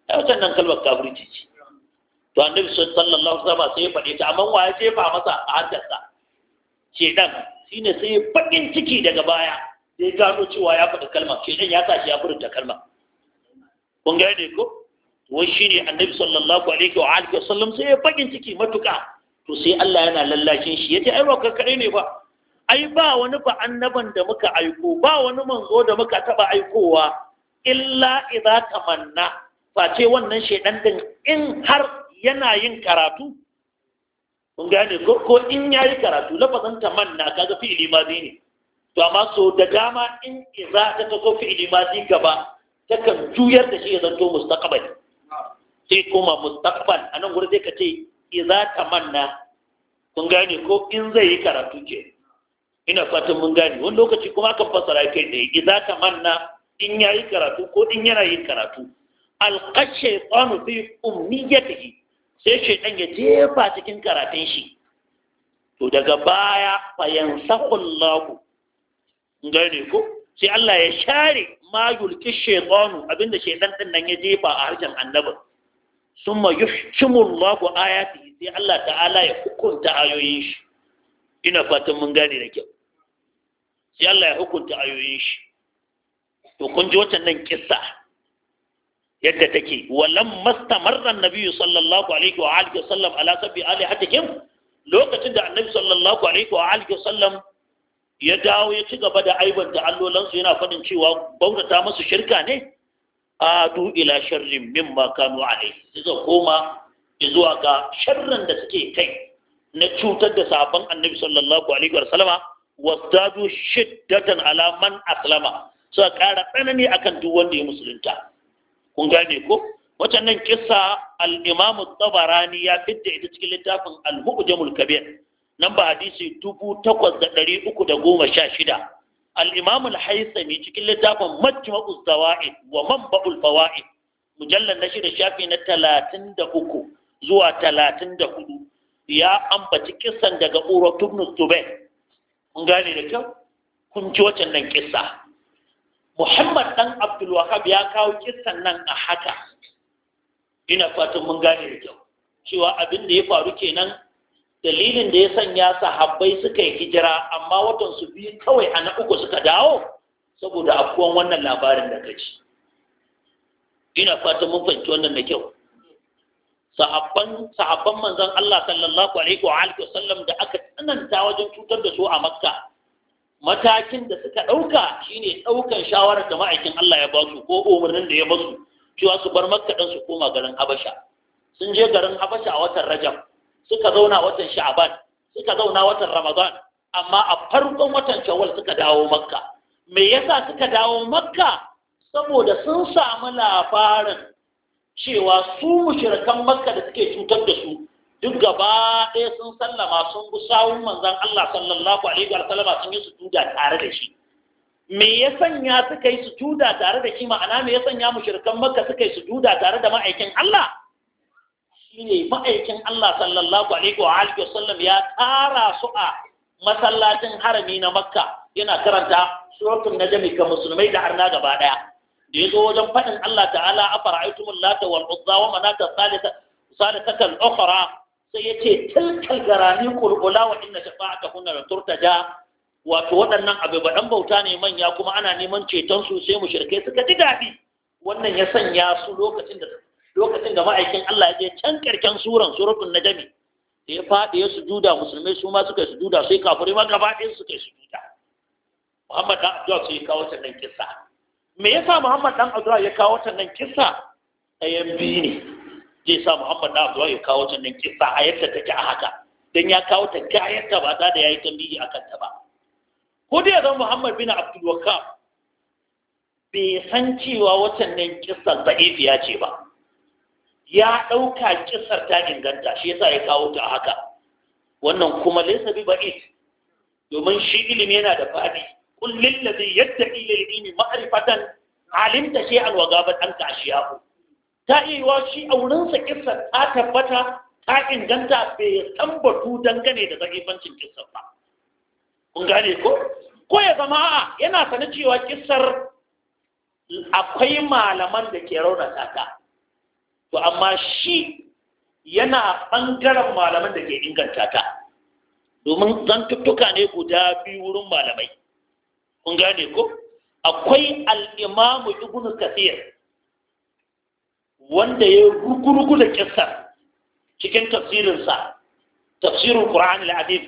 ai wannan nan kalmar kafirci ce to annabi sallallahu alaihi wasallam sai ya faɗi ta amma wa ya jefa masa a haddarsa shedan shine sai bakin ciki daga baya sai gano cewa ya faɗi kalma shedan ya sa shi ya furta kalma kun ga ne ko wai shine annabi sallallahu alaihi wa alihi wasallam sai ya bakin ciki matuka to sai Allah yana lallashin shi yace ai ba kai ne ba ai ba wani ba annaban da muka aiko ba wani manzo da muka taba aikowa illa idza tamanna face wannan shedan din in har yana yin karatu kun gane ko in yayi karatu lafazan tamanna kaga fi'ili zai ne to amma so da dama in iza ta taso fi'ili zai gaba takan juyar da shi ya zanto mustaqbal sai kuma mustaqbal anan gurin zai ka ce iza tamanna kun gane ko in zai yi karatu ke ina fatan mun gane wani lokaci kuma akan fassara kai ne iza tamanna in yayi karatu ko in yana yin karatu alqashay shaytanu fi ummiyatihi sai dan ya jefa cikin karatun shi to daga baya allahu gane ko sai Allah ya share ma yulki shaytanu abinda shaytan din nan ya jefa a harshen annabin summa yuhkimu Allahu ayati sai Allah ta'ala ya hukunta ayoyin shi ina fatan mun gane da kyau sai Allah ya hukunta ayoyin shi to kun ji watan nan kissa yadda take walam mastamarra annabi sallallahu alaihi wa alihi wasallam ala sabbi alihatihim lokacin da annabi sallallahu alaihi wa alihi wasallam ya dawo ya ci gaba da da allolansu yana faɗin cewa bautata masu shirka ne du ila sharrin mimma kanu alai zai koma zuwa ga sharrin da suke kai na cutar da sabon annabi sallallahu alaihi wa sallama shiddatan ala man aslama suka ƙara tsanani akan duk wanda ya musulunta kun gane ko wacannan kissa al-imam tabarani ya fidda ita cikin littafin al-mu'jamul kabir nan ba hadisi dubu takwas da ɗari uku da goma sha shida al'imamu al-haisami cikin littafin majmu'uz zawa'id wa man ba'ul fawa'id mujallar na shida shafi na talatin da uku zuwa talatin da hudu ya ambaci kisan daga Uro tubnu tube kun gane da kyau kun ci wacan nan kisa. muhammad dan abdul wahab ya kawo kisan nan a haka ina fatan mun gane da kyau cewa abin da ya faru kenan dalilin da ya sanya sahabbai suka yi hijira amma watan su biyu kawai a na uku suka dawo saboda afuwan wannan labarin da kaci ina fata mun fahimci wannan da kyau sahabban sahabban manzon Allah sallallahu alaihi wa alihi wasallam da aka tsananta wajen cutar da su a Makka matakin da suka dauka shine daukan shawarar da ma'aikin Allah ya ba su ko umarnin da ya ba su cewa su bar Makka dan su koma garin Habasha sun je garin Habasha a watan Rajab suka zauna watan sha'aban suka zauna watan ramadan amma a farkon watan shawwal suka dawo makka me yasa suka dawo makka saboda sun samu labarin cewa su mushrikan makka da suke cutar da su duk gaba ɗaya sun sallama sun bi sawun manzon Allah sallallahu alaihi wa sallama sun yi sujuda tare da shi me ya sanya suka yi sujuda tare da shi ma'ana me ya sanya mushrikan makka suka yi sujuda tare da ma'aikin Allah shine ma'aikin Allah sallallahu alaihi wa alihi wasallam ya tara su a masallacin harami na Makka yana karanta suratul najm ga musulmai da harna gaba daya da yazo wajen fadin Allah ta'ala afara'aytumul lata wal uzza wa manata thalitha sadatakal ukhra sai yace tilkal garani qulqula wa inna shafa'atahunna la turtaja wato waɗannan abu baɗan bauta ne manya kuma ana neman ceton su sai mu shirke suka ji daɗi wannan ya sanya su lokacin da lokacin da ma'aikin Allah ya je can karken suran suratul najmi da ya faɗi ya sujuda musulmai su ma suka sujuda sai kafirai ma gaba ɗaya suka sujuda Muhammad dan Abdul sai ya kawo wannan kissa me yasa Muhammad dan Abdullah ya kawo wannan kissa ɗayan biyu ne zai sa Muhammad dan Abdullah ya kawo wannan kissa a yadda take a haka dan ya kawo ta ga yadda ba za da yayi tambayi akan ta ba ko dai zan Muhammad bin Abdul Wahhab bai san cewa wannan kissa da'ifiya ce ba ya ɗauka ƙisar ta inganta shi yasa ya kawo ta haka wannan kuma laysa bi ba'id domin shi ilimi yana da fadi kul lil ladhi yattaqi lil ilmi ma'rifatan alimta shay'an wa gabat anka ashiyahu ta iya wa shi a wurinsa kisar ta tabbata ta inganta bai san batu dangane da zagifancin kisar ba kun gane ko ko ya zama a yana sanin cewa kisar akwai malaman da ke raunata ta to amma shi yana ɓangaren malaman da ke inganta ta domin zantuttuka ne guda biyu wurin malamai kun gane ko akwai al'imamu ibn kasir wanda ya rugurugu da kissar cikin tafsirinsa tafsirin Qur'an al-Adib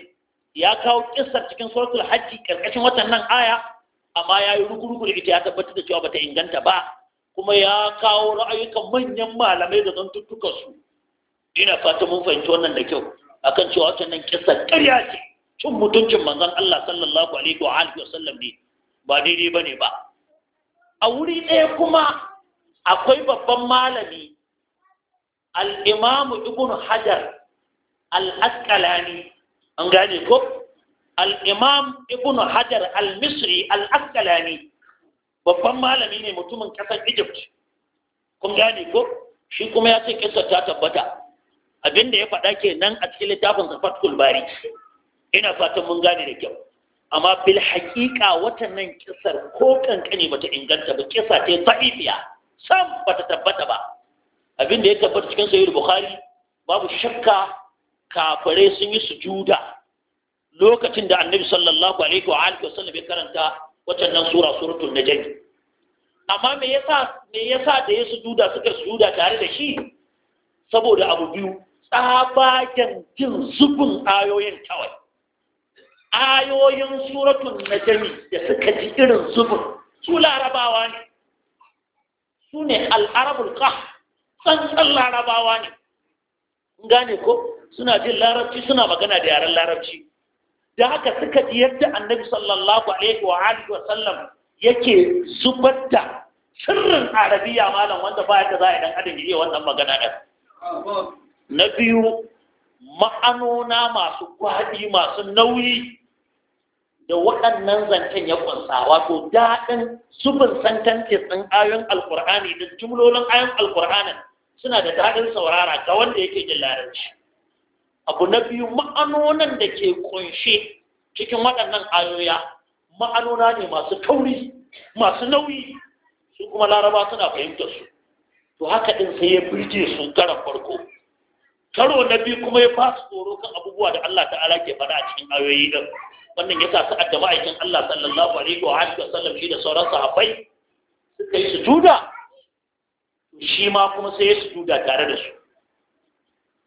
ya kawo ƙisar cikin suratul hajji karkashin watan nan aya amma ya yi rugurugu da ita ya tabbatar da cewa bata inganta ba kuma ya kawo ra'ayukan manyan malamai da zan su. ina fata mun fahimci wannan da kyau akan cewa wata nan kisa ƙarya ce cin mutuncin manzon Allah sallallahu alaihi wa alihi wa sallam ne ba daidai bane ba a wuri ɗaya kuma akwai babban malami al-Imam Ibn Hajar al-Asqalani an gane ko al-Imam Ibn Hajar al-Misri al-Asqalani babban malami ne mutumin ƙasar egypt kun gane ko shi kuma ya ce kisar ta tabbata abinda ya faɗa ke nan a cikin littafin zafatul bari ina fatan mun gane da kyau amma bil haƙiƙa watannan ƙasar ko kankani bata inganta ba kisa ce sa'ifiya sam bata tabbata ba abinda ya tabbata cikin Sayyid bukhari babu shakka kafirai sun yi sujuda lokacin da annabi sallallahu alaihi wa alihi ya karanta watannan sura suratul najm amma me yasa me yasa da yasu sujuda suka sujuda tare da shi saboda abu biyu tsabagen jin zubin ayoyin kawai ayoyin suratul najmi da suka ji irin zubin su larabawa ne su ne al'arabul qah tsantsan larabawa ne gane ko suna jin larabci suna magana da yaren larabci da haka suka ji yadda annabi sallallahu alaihi wa alihi wa sallam yake zubar da sirrin arabiya malam wanda ba yadda za a dan adam ya wannan magana ɗin na biyu ma'anona masu gwaɗi masu nauyi da waɗannan zancen ya kunsa wato daɗin zubin santance ɗin ayoyin alkur'ani da jumlolin ayoyin alkur'anin suna da daɗin saurara ga wanda yake jin larabci abu na biyu ma'anonan da ke kunshe cikin waɗannan ayoya ma'anona ne masu kauri masu nauyi su kuma laraba suna fahimtar su to haka ɗin sai ya birge su karan farko karo na biyu kuma ya su tsoro kan abubuwa da Allah ta'ala ke faɗa a cikin ayoyi din wannan ya sa sa'ad da ma'aikin Allah sallallahu alaihi wa alihi wa sallam shi da sauran sahabbai suka yi sujuda shi ma kuma sai ya sujuda tare da su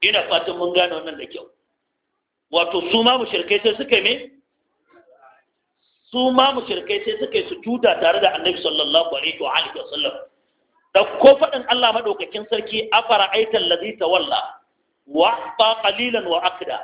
ina fatan mun gane wannan da kyau wato su ma mushrikai sai suka me su ma mushrikai sai suka su tuta tare da annabi sallallahu alaihi wa alihi wasallam da ko fadin Allah madaukakin sarki afara aital ladhi tawalla wa fa qalilan wa akda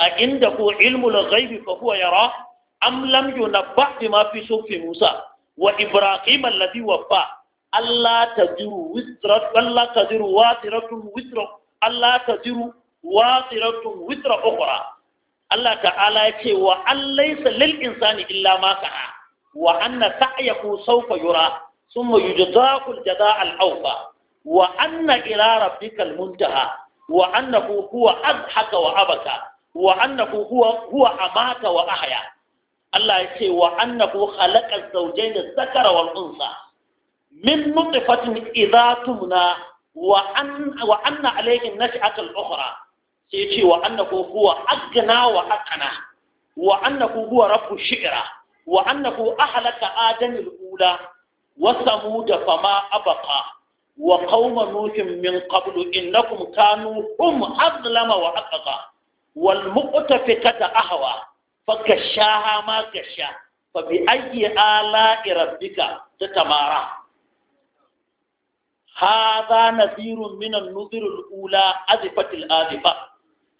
a inda ku ilmul ghaibi fa huwa yara am lam yunabba bima fi sufi musa wa ibrahim alladhi wafa Allah taziru wisra Allah taziru wasiratun wisra Allah ta ziru watsiratun witra ukura Allah ta'ala ya ce wa an laisa lil insani illa ma sa'a wa anna sa'yahu sawfa yura thumma yujzaku al-jazaa al-awfa wa anna ila rabbikal muntaha wa annahu huwa adhaka wa abaka wa annahu huwa huwa amata wa ahya Allah ya ce wa annahu khalaqa az-zawjayn adh-dhakara wal unsa min nutfatin idha tumna wa anna alaihin nashi'atul ukhra sai ya ce wa annahu huwa agna wa aqna wa annahu huwa rabbu shi'ra wa annahu ahlaka adamil ula wa samud fama abqa wa qauma nuhin min qablu innakum kanu hum azlama wa aqqa wal ahawa, ahwa gashaha ma gasha, fa bi ayyi ala'i rabbika tamara. هذا نذير من النذر الأولى أذفت الآذفة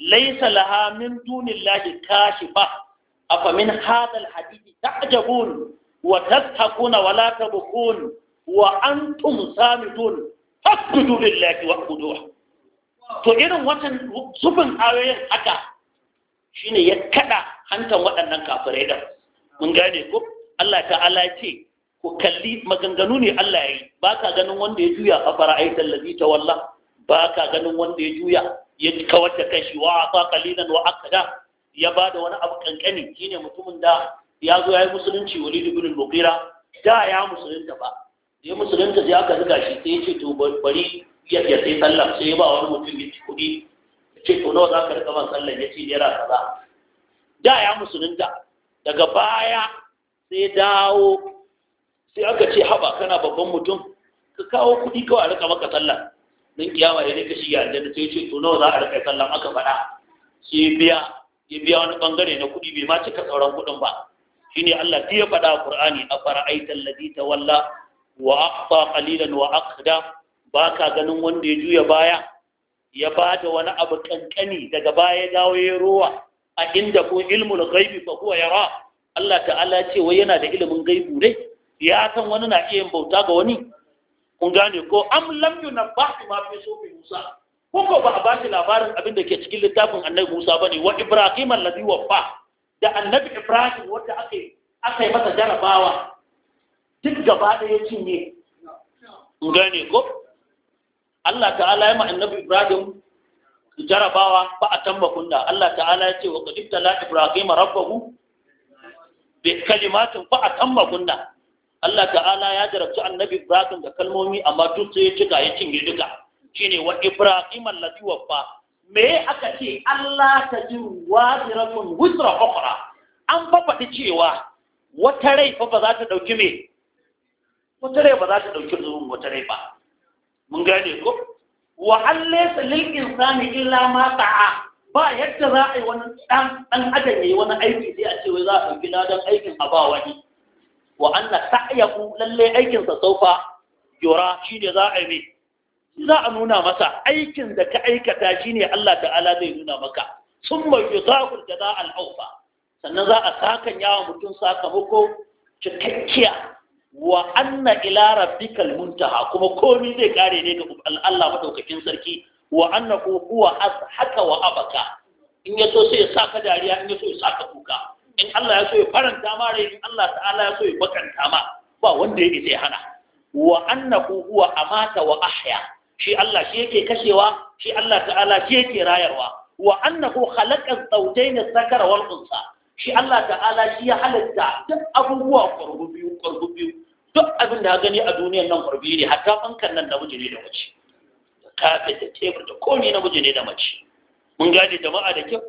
ليس لها من دون الله كاشفة أفمن هذا الحديث تعجبون وتضحكون ولا تبكون وأنتم سامدون فاسجدوا لله واعبدوه to irin watan zubin ayoyin haka shine ya kada hantan waɗannan kafirai da mun gane ko Allah ta'ala ce ku kalli maganganu ne Allah ya yi ba ka ganin wanda ya juya a fara'aitar lazi ta walla ba ka ganin wanda ya juya ya kawar da kashi wa a kalilan wa da ya ba da wani abu kankani shine mutumin da ya zo ya yi musulunci wani ibn lokira. da ya musulunta ba da ya musulunta sai aka riga shi sai ya ce to bari ya sai sallah sai ya ba wani mutum ya ci kuɗi ya ce to nawa za ka riƙa man sallah ya ce naira kaza da ya musulunta daga baya sai dawo sai aka ce haɓa kana babban mutum ka kawo kuɗi kawai a rika maka sallah nan kiyama ya rika shiga aljanna sai ce to nawa za a rika sallah aka faɗa sai biya ya biya wani bangare na kuɗi bai ma cika sauran kuɗin ba shine Allah sai ya faɗa a Qur'ani a fara'aita ta walla wa aqta qalilan wa aqda baka ganin wanda ya juya baya ya ba da wani abu kankani daga baya dawo ya rowa a inda ko ilmul ghaibi fa huwa yara Allah ta'ala ce wai yana da ilimin gaibu ne Ya san wani na iya yin bauta ga wani kun gane ko am lam yunabba ma fi sufi musa ko ko ba a ba shi labarin abin da ke cikin littafin annabi musa bane wa ibrahim allazi waffa da annabi ibrahim wanda aka aka yi masa jarabawa duk gaba da ya cinye kun gane ko Allah ta'ala ya ma annabi ibrahim jarabawa ba a tamba kunna Allah ta'ala ya ce wa qadibta la ibrahim rabbahu bi kalimatin fa atamma kunna Allah ta'ala ya jarabci annabi Ibrahim da kalmomi amma duk sai ya cika ya cinye duka shine wa Ibrahim allati waffa me aka ce Allah ta ji waziratun wusra ukhra an fa cewa wata rai fa ba za ta dauki me wata rai ba za ta dauki zuwan wata rai ba mun gane ko wa halaysa lil insani illa ma ta'a ba yadda za a yi wani ɗan adam ne wani aiki sai a ce wai za a ɗauki dan aikin a ba wani wa anna sa'yahu lalle aikin sa saufa yura shine za a yi za a nuna masa aikin da ka aikata shine Allah ta'ala zai nuna maka summa yuzaul jaza al awfa sannan za a sakan yawa mutum sakamako cikakkiya wa anna ila rabbikal muntaha kuma komai zai kare ne ga Allah madaukakin sarki wa annahu huwa ashaka wa abaka in yaso sai ya saka dariya in yaso ya saka kuka in Allah ya so ya faranta ma rai in Allah ta'ala ya so ya bakanta ma ba wanda ya isa ya hana wa annahu huwa amata wa ahya shi Allah shi yake kashewa shi Allah ta'ala shi yake rayarwa wa annahu khalaqa zawjayn as-sakar wal unsa shi Allah ta'ala shi ya halitta duk abubuwa qurbu biyu qurbu biyu duk abin da gani a duniyar nan qurbi ne hatta bankan nan da mujine da mace kafe da tebur da komai na mujine da mace mun gane jama'a da kyau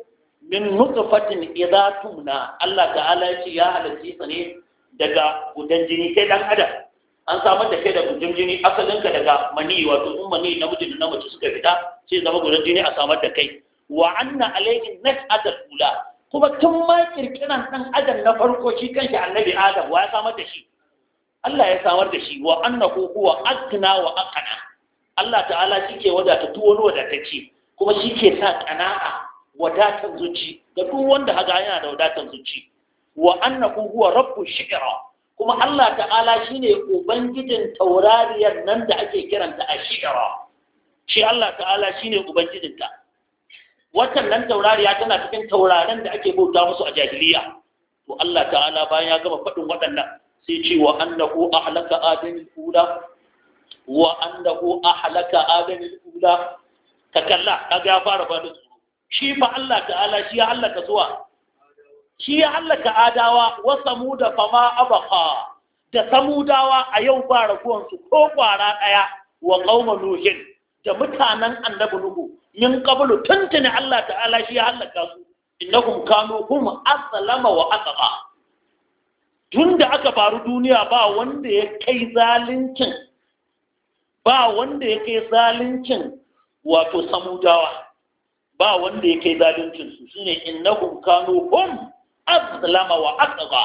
min nutfatin idza tumna Allah ta'ala ya ce ya halarci sa ne daga gudan jini kai dan adam an samar da kai da gudan jini asalin ka daga mani wato Ummani, mani namiji da namace suka fita sai zama gudan jini a samar da kai wa anna alayhi nas'atul ula kuma tun ma kirkiran dan adam na farko shi kanshi annabi adam wa ya samar da shi Allah ya samar da shi wa annahu huwa akna wa aqna Allah ta'ala shi ke wadata tuwo wadatacce kuma shi ke sa qana'a wadatar zuci ga duk wanda haga yana da wadatar zuci wa annahu huwa rabbu shi'ra kuma Allah ta'ala shine ubangijin taurariyar nan da ake kiranta a shi'ra shi Allah ta'ala shine ubangijin ta watan nan taurariya tana cikin tauraron da ake bauta musu a jahiliya to Allah ta'ala bayan ya gama faɗin waɗannan sai ce wa annahu ahlaka adamil ula wa annahu ahlaka adamil ula ka kalla kaga ya fara faɗin. shi fa Allah ta'ala shi ya hallaka zuwa shi ya hallaka adawa wa samuda fama abqa da samudawa a yau ba raguwan su ko kwara daya wa qauma nuhin da mutanen annabi nuhu min qablu tuntuni Allah ta'ala shi ya hallaka su innakum kanu hum aslama wa atqa tunda aka faru duniya ba wanda ya kai zaluncin ba wanda ya kai zaluncin wato samudawa ba wanda ya kai zaluncin su shine innahum kanu hum azlama wa atgha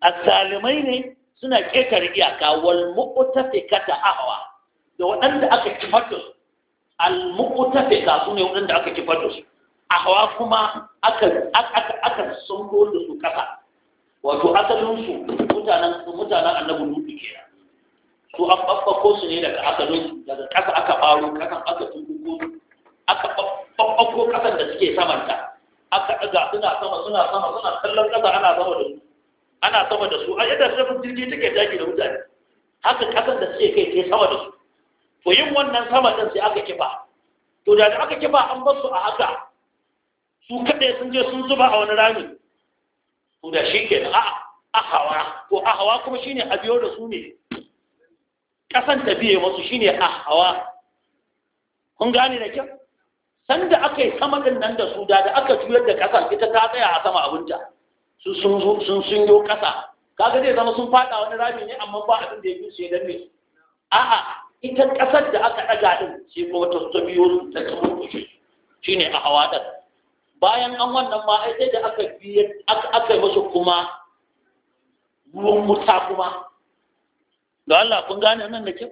azalimai ne suna kekar iyaka wal muqtafikata ahwa da waɗanda aka kifar da su al muqtafika ne waɗanda aka kifar da su ahwa kuma aka aka aka sungo da su kasa wato asalin su mutanen mutanen annabi lutu kenan su an babbako su ne daga asalin daga kasa aka faro kasan aka tunkuko aka ɓaɓɓako ƙasar da suke samanta aka ɗaga suna sama suna sama suna kallon ƙasa ana sama da su ana sama da su a yadda sufin jirgi take daji da mutane haka ƙasar da suke kai kai sama da su to yin wannan sama ɗin sai aka kifa to da aka kifa an bar su a haka su kaɗai sun je sun zuba a wani rami to da shi ke a ahawa ko ahawa kuma shine a biyo da su ne ƙasan ta biye masu shine ahawa kun gane da kyau sanda aka yi sama ɗin nan da su da aka juyar da ƙasa ita ta tsaya a sama abinta sun sun sun yo ƙasa kaga zai zama sun faɗa wani rami ne amma ba abin da ya fi su ya danne a'a ita ƙasar da aka ɗaga ɗin shi ko ta ta biyo su ta kamar shi ne a hawa ɗin bayan an wannan ma ai sai da aka biya aka yi musu kuma ruwan wuta kuma da Allah kun gane nan da kyau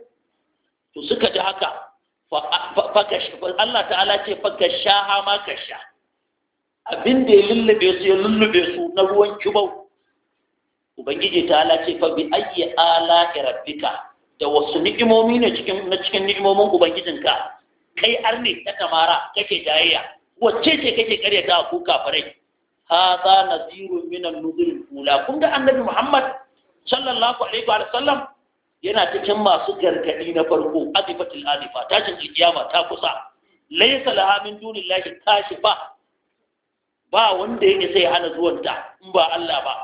to suka ji haka Allah ta'ala ce faka sha ma ka sha abin da ya lullube su ya lullube su na ruwan kubau ubangiji ta'ala ce fa bi ayyi ala rabbika da wasu ni'imomi ne cikin na cikin ni'imomin ubangijinka kai arne ta kamara kake jayayya wacce ce kake karyata ku kafirai hadha nazirun minan nuzul ula kun ga annabi Muhammad sallallahu alaihi wa sallam yana cikin masu gargadi na farko azifatul azifa tashin alkiyama ta kusa laysa laha min dunillahi kashifa ba Ba wanda yake sai hana zuwanta in ba Allah ba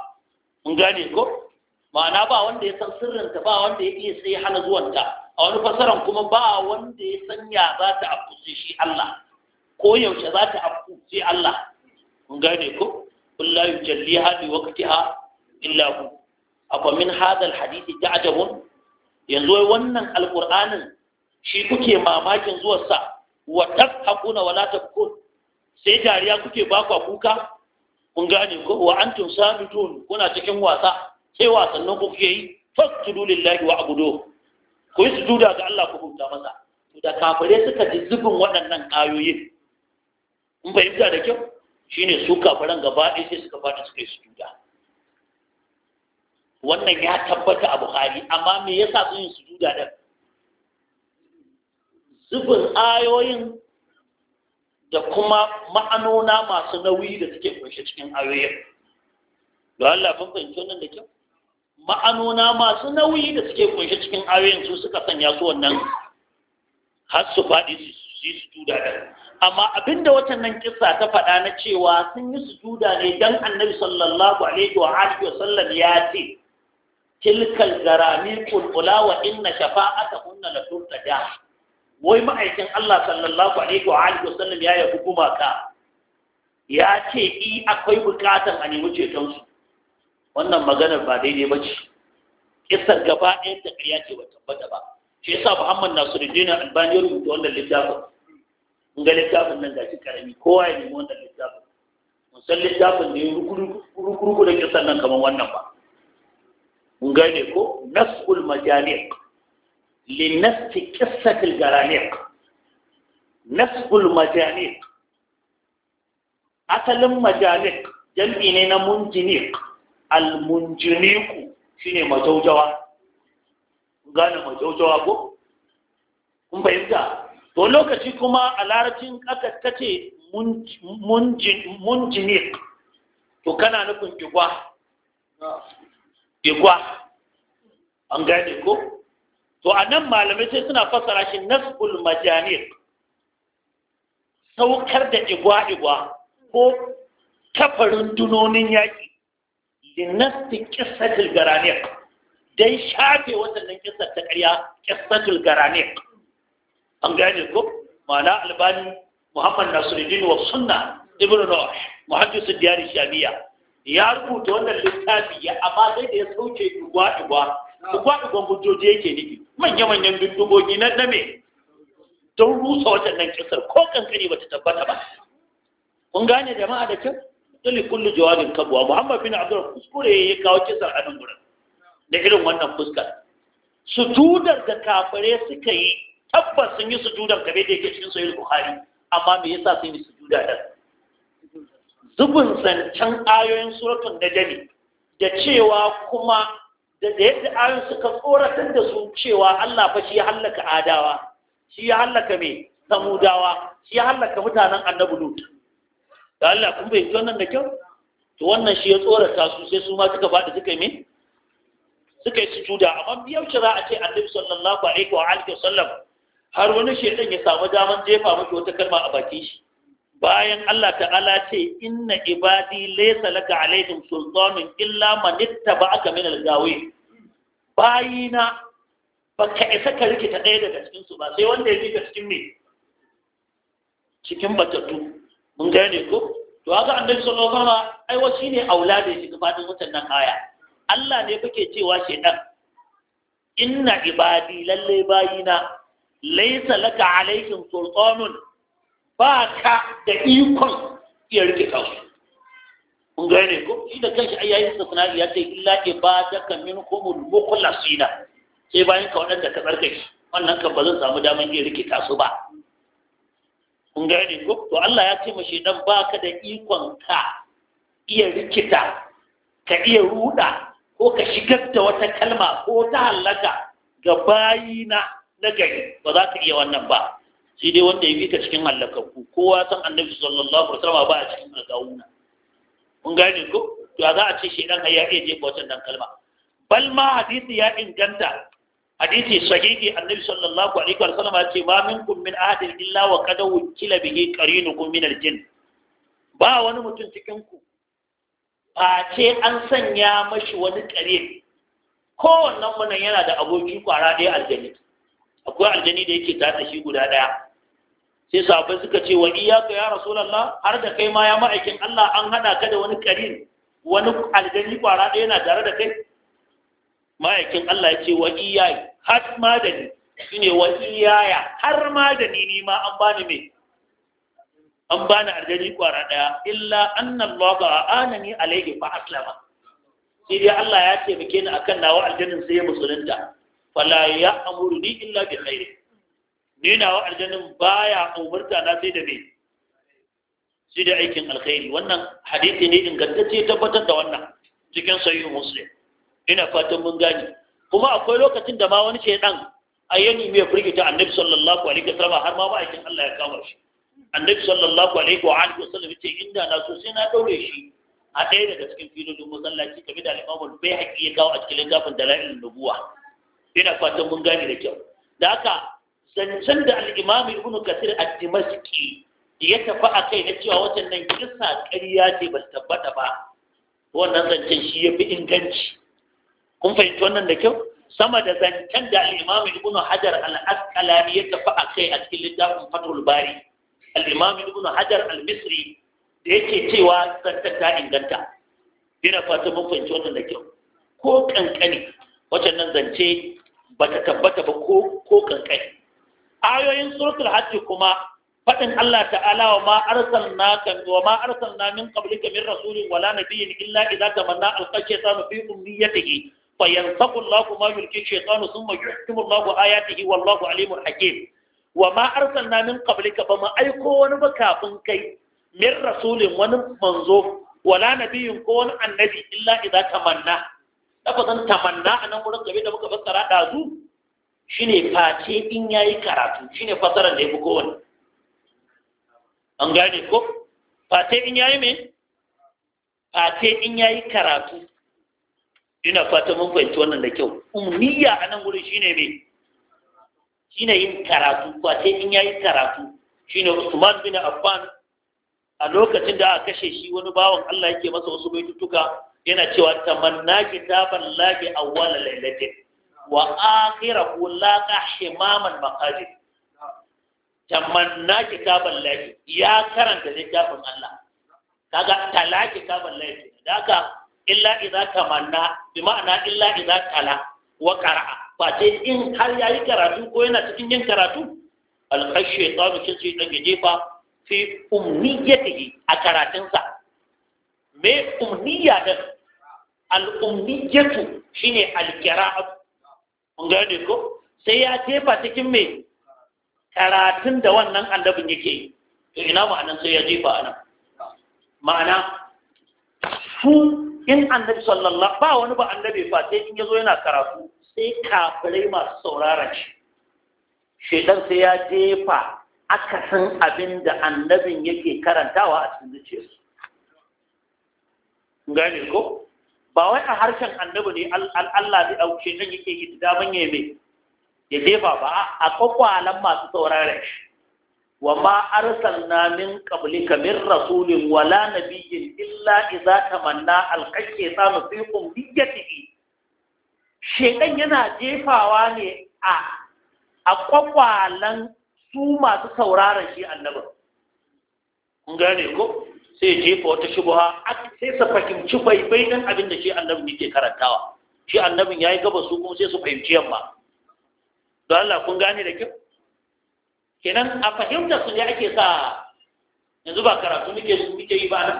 mun gane ko ma'ana ba wanda ya san sirrinta ba wanda yake sai hana zuwanta a wani fasaran kuma ba wanda ya sanya za ta afku shi Allah ko yaushe za ta afku sai Allah mun gane ko kullu yujalliha li waqtiha illa hu afa min hadha alhadith ta'jabun yanzu wai wannan alƙur'anin shi kuke mamakin zuwarsa wa tafhaquna wala tabkun sai dariya kuke ba ku kuka kun gane ko wa antum sabitun kuna cikin wasa sai wasannin ku kuke yi fastudu lillahi wa abudu ku yi sujuda ga Allah ku bauta masa to da kafare suka ji zubin waɗannan ayoyin in fahimta da kyau shine su kafaran gaba ɗaya sai suka fata suka yi sujuda wannan ya tabbata a bukhari amma me yasa sun yi sujuda da? zubin ayoyin da kuma ma'anona masu nauyi da suke kunshe cikin ayoyin don Allah kun fahimci wannan da kyau ma'anona masu nauyi da suke kunshe cikin ayoyin su suka sanya su wannan har su faɗi su yi sujuda da. amma abinda watan nan kissa ta faɗa na cewa sun yi sujuda ne dan annabi sallallahu alaihi wa alihi wa sallam ya ce tilkal garami kulkula wa inna shafa'ata kunna la turtaja wai ma'aikin Allah sallallahu alaihi wa alihi wasallam ya hukuma ka? ya ce i akwai bukatan a nemi ceton su wannan maganar ba daidai ba ce kisar gaba ɗaya ta ƙarya ce ba tabbata ba shi yasa Muhammad Nasiruddin Albani ya rubuta wannan littafin mun ga littafin nan gashi karami kowa ya nemi wannan littafin mun san littafin ne rukuruku da kisan nan kamar wannan ba gane ko nas'ul majaliq li nasfi al garaniq nas'ul majaliq asalin majaliq jam'i ne na munjiniq al munjiniq shine majaujawa gane majaujawa ko kun fahimta to lokaci kuma a larabcin aka tace munjiniq to kana nufin kigwa igwa an gane ko to a nan malamai sai suna fasara shi nasbul majanir saukar da igwa-igwa ko kafarin dunonin yaƙi linasti ƙisatul garanik don shafe waɗannan ƙisar ta ƙarya ƙisatul garanik an gane ko ma'ana albani muhammad nasiruddin wa sunna ibn nuh muhaddisu Diyari shamiya ya rubuta wannan littafi ya amma sai da ya sauke dugwa-dugwa dugwa-dugwan hujjoji yake nufi manya-manyan dubbogi na dame don rusa waɗannan kisar ko kankani ba ta tabbata ba kun gane jama'a da kyau dole kullu jawabin kabuwa muhammad bin abdul kuskure ya kawo kisar a nan gurin da irin wannan fuskar sujudar da kafare suka yi tabbas sun yi sujudar kabe da yake cikin sayar Buhari amma me yasa sun yi sujuda da zubin zancen ayoyin suratun Jami, da cewa kuma da yadda ayoyin suka tsoratar da su cewa Allah fa shi ya hallaka adawa shi ya hallaka me samudawa shi ya hallaka mutanen annabi lut da Allah kun bai wannan da kyau to wannan shi ya tsorata su sai su ma suka faɗi suka yi me suka yi sujuda amma yaushe za a ce annabi sallallahu alaihi wa alihi sallam. har wani shedan ya samu daman jefa miki wata kalma a bakin shi bayan Allah ta'ala ce inna ibadi laysa laka alaihim sultanun illa man ittaba'aka min al-gawi bayina baka isa ka rikita ɗaya daga cikin su ba sai wanda ya rikita cikin me cikin batatu mun gane ko to haka annabi sallallahu alaihi wasallam ai wasi ne aulade shi fadin wannan aya Allah ne kuke cewa shedan inna ibadi lalle bayina laysa laka alaihim sultanun ba ka da ikon iya rike kansu kun gane ko shi da kanshi ai yayin sunari ya ce illa ibadaka minhumul mukhlasina sai bayan ka wadanda ka tsarkake wannan kan ba zan samu daman iya rike ta su ba kun gane ko to Allah ya ce mashi dan ka da ikon ka iya rikita ka iya ruɗa, ko ka shigar da wata kalma ko ta halaka ga bayina na gari ba za ka iya wannan ba shi dai wanda ya fi ka cikin hallakakku kowa san annabi sallallahu alaihi wasallam ba a cikin alƙawuna mun gane ko to za a ce shedan ayya ya iya jefa wannan kalma bal ma hadisi ya inganta hadisi sahihi annabi sallallahu alaihi wasallam ya ce ba minkum min ahadin illa wa qad wukila bihi qarinukum min al-jinn ba wani mutum ku ba ce an sanya mashi wani kare kowannen munan yana da aboki kwara dai aljani akwai aljani da yake tatsa shi guda ɗaya sai sahabbai suka ce wa iyaka ya rasulullah har da kai ma ya ma'aikin Allah an hada ka da wani karin wani aljani kwara ɗaya yana tare da kai ma'aikin Allah ya ce wa iyayi har ma da ni shine wa iyaya har ma da ni ni ma an bani me an bani aljani kwara ɗaya illa annallaha anani alayhi fa aslama sai dai Allah ya taimake ni akan nawa aljanin sai ya musulunta fala ya amuru ni illa bi khairi ninawa aljannin baya umurta na sai da me sai da aikin alkhairi wannan hadisi ne ingantacce tabbatar da wannan cikin sahihu muslim ina fatan mun gani kuma akwai lokacin da ma wani shedan ayyani mai firgita annabi sallallahu alaihi wasallam har ma aikin Allah ya kama shi annabi sallallahu alaihi wa alihi wasallam yace inda na so sai na daure shi a ɗaya daga cikin filolin masallaci game da al'amul bai haƙi ya kawo a cikin littafin dalailin nubuwa ina fatan mun gani da kyau da haka zancen da al'imami ibn kasir ad-dimashqi ya tafi a kai na cewa wajen nan kisa ƙarya ce ba tabbata ba wannan zancen shi ya fi inganci kun fahimci wannan da kyau sama da zancen da al'imami ibn hajar al-asqalani ya tafi a kai a cikin littafin fatul bari al'imami ibn hajar al-misri da yake cewa zancen ta inganta Ina fata mun fahimci wannan da kyau ko kankani wajen nan zance ba ta tabbata ba ko kankani ayoyin suratul hajj kuma fadin Allah ta'ala wa ma arsalna kan wa ma arsalna min qablika min rasulin wala nabiyyin illa idza tamanna alqa shaytanu fi umniyatihi fayansaqu Allahu ma yulqi shaytanu thumma yuhkimu Allahu ayatihi wallahu alimun hakim wa ma arsalna min qablika ba mu aiko wani ba kafin kai min rasulin wani manzo wala nabiyin ko wani annabi illa idza tamanna lafazan tamanna anan wurin gabe da muka fassara dazu shine face in yi karatu shine fasarar da yafi kowanne an gane ko face in yi me face in yi karatu ina fata mun fahimci wannan da kyau umniya a nan ne shine me ne yin karatu face in yi karatu ne Usman bin Affan a lokacin da aka kashe shi wani bawan Allah yake masa wasu baitutuka yana cewa tamanna kitaban lafi awwal lailatin wa akhirahu laqa himaman maqadir tamanna kitaban lahi ya karanta littafin Allah kaga tala kitaban lahi daga illa idza tamanna bi ma'ana illa idza tala wa qara'a fa in har yayi karatu ko yana cikin yin karatu alkhashi ta mutum da dan jefa fi umniyatihi a karatunsa me umniya da al-umniyatu shine al-qira'atu mun gane ko sai ya jefa cikin me karatun da wannan annabin yake yi to ina ma'anan sai ya jefa nan? ma'ana su in annabi sallallahu ba wani ba annabi fa sai in yazo yana karatu sai kafirai masu sauraron shi shedan sai ya jefa akasin abin da annabin yake karantawa a cikin zuciyarsu gane ko ba wai a harshen annabi ne Allah da auke nan yake yi da ya mai ya jefa ba a kwakwalan masu saurare shi wa ma arsalna min qablika min rasulin wala nabiyyin illa idza tamanna alqashi samu fi biyatihi shekan yana jefawa ne a a kwakwalan su masu sauraron shi annabi kun gane ko sai jefa wata shubuha sai su fahimci baibai dan abin da shi annabi yake karantawa shi annabin yayi gaba su kuma sai su fahimci yamma don Allah kun gane da kyau kenan a fahimtar su ne ake sa yanzu ba karatu muke muke yi ba nan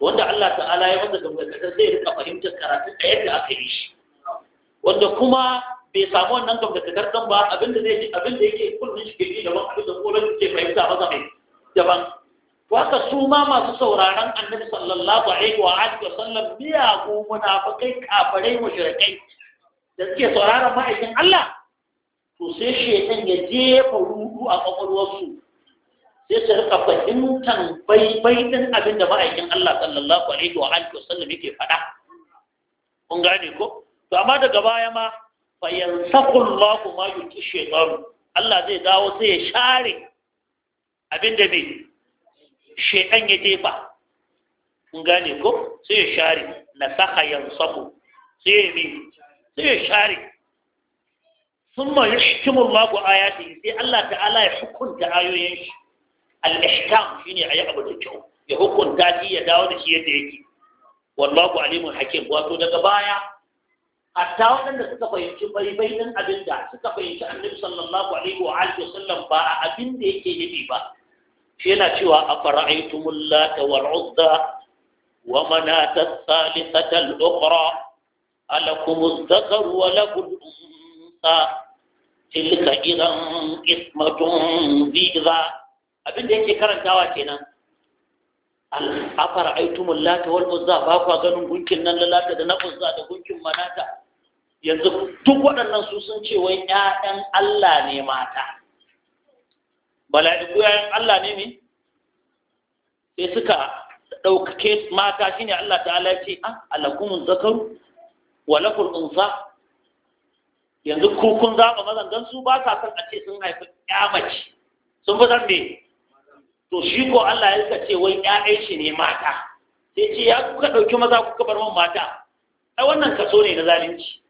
wanda Allah ta'ala ya wanda sai zai rika fahimtar karatu da yadda aka yi shi wanda kuma bai samu wannan da kan ba abinda zai abinda yake kullun shi ke yi daban abinda kowa ke fahimta ba zai daban waka su ma masu sauraron annabi sallallahu alaihi wa alihi wasallam miyagu munafikai kafirai mushrikai da suke sauraron ma'aikin Allah to sai shaytan ya jefa rudu a kwakwalwarsu sai su rika fahimtar baibai din abin da ma'aikin Allah sallallahu alaihi wa alihi wasallam yake faɗa kun gane ko to amma daga baya ma fa yansaqul lahu ma yuti shaytan Allah zai dawo sai ya share abin da bai shedan ya jefa kun gane ko sai ya share na saka yansahu sai ya yi sai ya share Sun thumma yuhkimu Allahu ayati sai Allah ta'ala ya hukunta ayoyin shi al ne shine yi abu da kyau ya hukunta shi ya dawo da shi yadda yake wallahu alimun hakim wato daga baya hatta waɗanda suka fahimci baibaitin abin da suka fahimci annabi sallallahu alaihi wa alihi ba a abin da yake nufi ba yana cewa a fara'aitumul lata wal uzza wa manata thalithata al ukhra alakum az-zakar wa lakum tilka idan ismatun biza abin da yake karantawa kenan afara aitumul lata wal uzza ba kwa ganin gunkin nan lalata da na uzza da gunkin manata yanzu duk waɗannan su sun ce wai 'ya'yan Allah ne mata mala'iku yayin Allah ne ne sai suka ɗaukake mata shine Allah ta'ala ya ce ah alakumul zakaru wa lakul unsa yanzu ko zaɓa mazan don su ba sa son a ce sun haifi ƴa mace sun fi san to shi ko Allah ya rika ce wai ƴaƴan shi ne mata sai ce ya kuka ɗauki maza kuka bar min mata ai wannan kaso ne na zalunci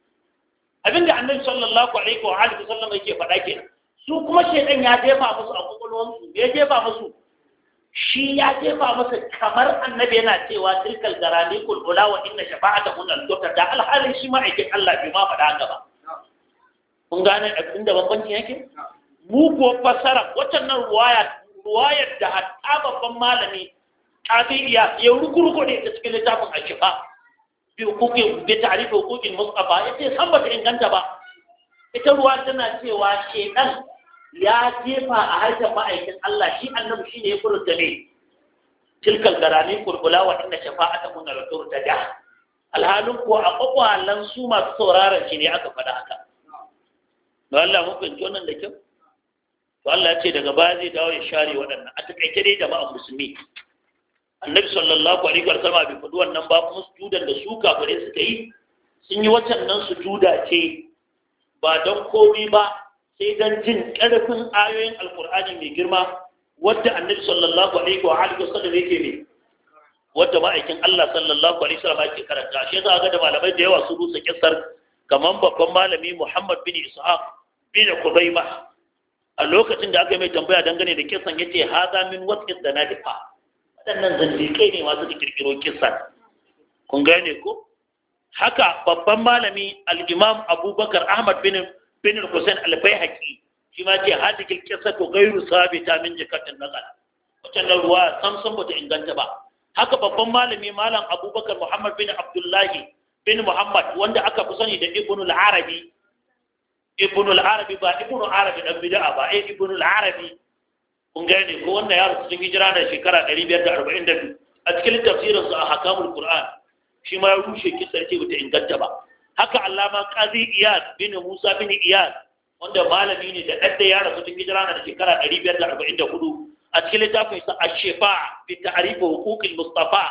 abinda annabi sallallahu alaihi wa alihi sallam yake faɗa kenan su kuma shaidan ya jefa musu a kwakwalwansu ya jefa musu shi ya jefa masa kamar annabi yana cewa tilkal garani kulbula wa inna shafa'ata hun al-dukar da alhalin shi ma'aikin Allah bai ma faɗa gaba kun gane da bambancin yake mu ko fasara waccan nan ruwaya ruwayar da hatta babban malami tabi'iya ya rukurko ne ta cikin littafin akifa bi hukuki bi ta'rif hukukin mustafa yace san bata inganta ba ita ruwa tana cewa shedan ya jefa a harshen ma'aikin Allah shi annabi ne ya furta ne tilkal garani kurkula wa inna shafa'ata mun la turtada alhalin ko a kwakwalan su masu sauraron shi ne aka faɗa haka to Allah mun fahimci wannan da kyau to Allah ya ce daga baya zai dawo ya share waɗannan a takaice dai jama'a musulmi annabi sallallahu alaihi wa sallam bai faɗi wannan ba kuma sujudan da su kafirai suka yi sun yi waccan nan sujuda ce ba don komai ba sai dan jin ƙarfin ayoyin Alƙur'ani mai girma wadda annabi sallallahu alaihi wa alihi wasallam yake ne wadda ma'aikin Allah sallallahu alaihi wasallam yake karanta shi za ga da malamai da yawa su rusa kissar kaman babban malami Muhammad bin Ishaq bin Qubayma a lokacin da aka mai tambaya dangane da kissan yace hada min what is the nadifa wadannan zindikai ne masu kirkiro kissan kun gane ko haka babban malami al-Imam Abubakar Ahmad bin bin al-Husayn al-Baihaqi shi ma ce hadhihi al-qissatu ghayru sabita min jakatin naqal wata ruwa samsam bata inganta ba haka babban malami malam Abubakar Muhammad bin Abdullahi bin Muhammad wanda aka fi sani da Ibn al-Arabi Ibn al-Arabi ba Ibn al-Arabi dan bid'a ba eh Ibn al-Arabi kun gane ko wannan yaro sun hijira da shekara 542 a cikin tafsirin a hakamul Qur'an shi ma ya rushe kisa ce bata inganta ba haka allama ƙazi iyad bin musa bin iyad wanda malami ne da dadda ya rasu tun hijira da shekara 544 a cikin littafin sa ash-shifa fi ta'rif huquq al-mustafa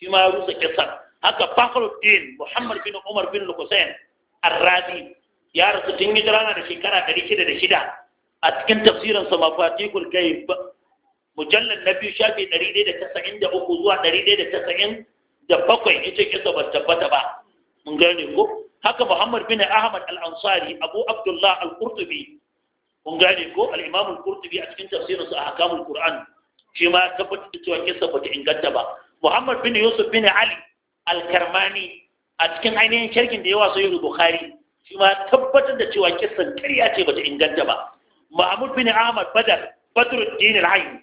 shi ma rusa kisan haka fakhruddin muhammad bin umar bin al-husayn ar-razi ya rasu tun hijira da shekara 606 a cikin tafsirin sa mafatihul ghaib mujallal na biyu shafi 193 zuwa 197 yace kisa ba tabbata ba mun gane ko haka muhammad bin ahmad al-ansari abu abdullah al-qurtubi kun gane ko al-imam al-qurtubi a cikin tafsirin sa ahkamul qur'an shi ma tabbata da cewa kissa bata inganta ba muhammad bin yusuf bin ali al-karmani a cikin ainihin sharkin da yawa sai bukhari shi ma tabbatar da cewa kissan ƙarya ce bata inganta ba Muhammad bin ahmad badar badruddin al-aini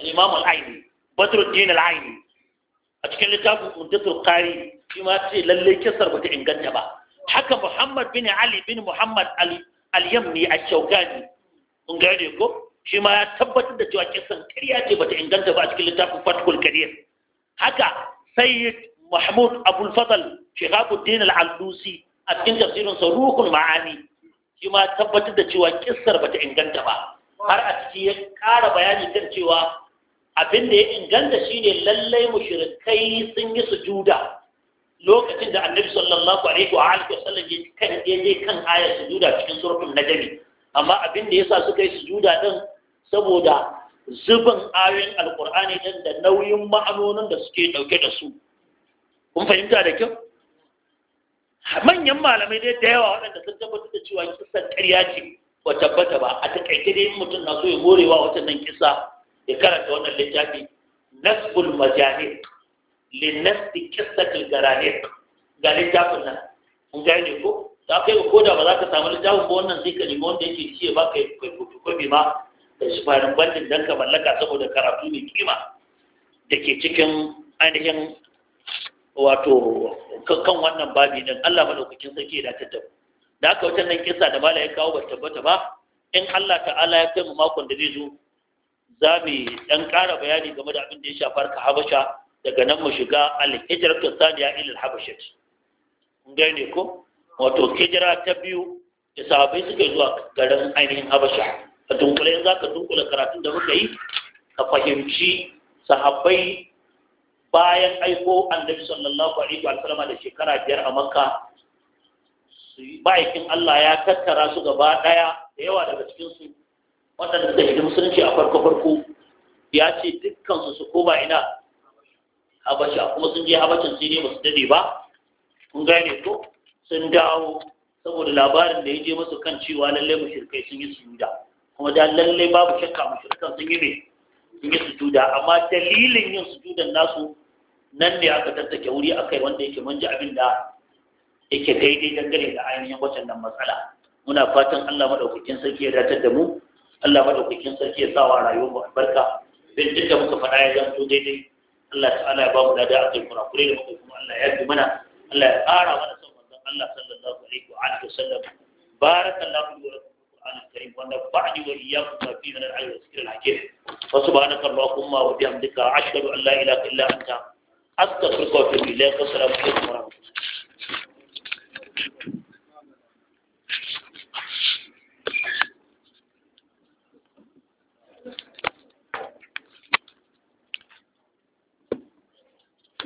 al-imam al-aini badruddin al-aini a cikin littafin muddatul qari shi ma ce lalle kisar bata inganta ba haka muhammad bin ali bin muhammad Ali, al-yamni al shawkani mun gane ko shi ma ya tabbatar da cewa kisan karya ce bata inganta ba a cikin littafin fatkul kadir haka sayyid mahmud abul fadl shihabuddin al-alusi a cikin tafsirin sa ruhul ma'ani shi ma tabbatar da cewa kisar bata inganta ba har a ciki ya kara bayani kan cewa abin da ya inganta shine lallai mushrikai sun yi sujuda lokacin da annabi sallallahu alaihi wa alihi wasallam ya kan ya je kan ayar sujuda cikin suratul najmi amma abin da yasa suka yi sujuda din saboda zubin ayoyin alqur'ani din da nauyin ma'anonin da suke dauke da su kun fahimta da kyau manyan malamai dai da yawa waɗanda sun tabbatar da cewa kisan ƙarya ce ba tabbata ba a taƙaice dai mutum na so ya morewa wata nan kisa ya karanta wannan littafi nasbul majanik linnasti kistatil garanik ga littafin nan kun gane ko ta kai ko da ba za ka samu littafin ba wannan sai ka nemi wanda yake ci ya baka kai kofi ma da shi farin bandin dan ka mallaka saboda karatu mai kima da ke cikin ainihin wato kan wannan babi din Allah madaukakin sarki ya dace da da aka wata nan kisa da mala ya kawo ba tabbata ba in Allah ta'ala ya kai mu makon da zai zo za mu ɗan ƙara bayani game da abin da ya shafar ka habasha daga nan mu shiga ta saniya ilil habasha kun gane ko wato hijira ta biyu da sahabbai suka zuwa garin ainihin habasha a dunkule yanzu za ka dunkule karatun da muka yi ka fahimci sahabbai bayan aiko annabi sallallahu alaihi wa sallama da shekara biyar a makka ma'aikin Allah ya tattara su gaba ɗaya da yawa daga cikin cikinsu Wannan suka shiga musulunci a farko farko ya ce dukkansu su koma ina habasha kuma sun je habashin sai ne ba su dade ba kun gane ko sun dawo saboda labarin da ya je masu kan cewa lallai mushrikai sun yi sujuda kuma da lallai babu shakka mushrikan sun yi ne sun yi sujuda amma dalilin yin sujudan nasu nan ne aka tattake wuri akai wanda yake manja abin da yake daidai dangane da ainihin wacan nan matsala muna fatan Allah madaukakin sarki ya datar da mu Allah madaukakin sarki ya sa wa rayuwar mu albarka bin duka muka fada ya zanto daidai Allah ta'ala ya ba mu lada akai kure da muka kuma Allah ya yi mana Allah ya ƙara mana son manzon Allah sallallahu alaihi wa alihi wasallam barakallahu wa lakum القرآن الكريم ونفعني وإياكم ما فيه من العلم والذكر الحكيم وسبحانك اللهم وبحمدك أشهد أن لا إله إلا أنت أستغفرك وأتوب إليك والسلام عليكم ورحمة الله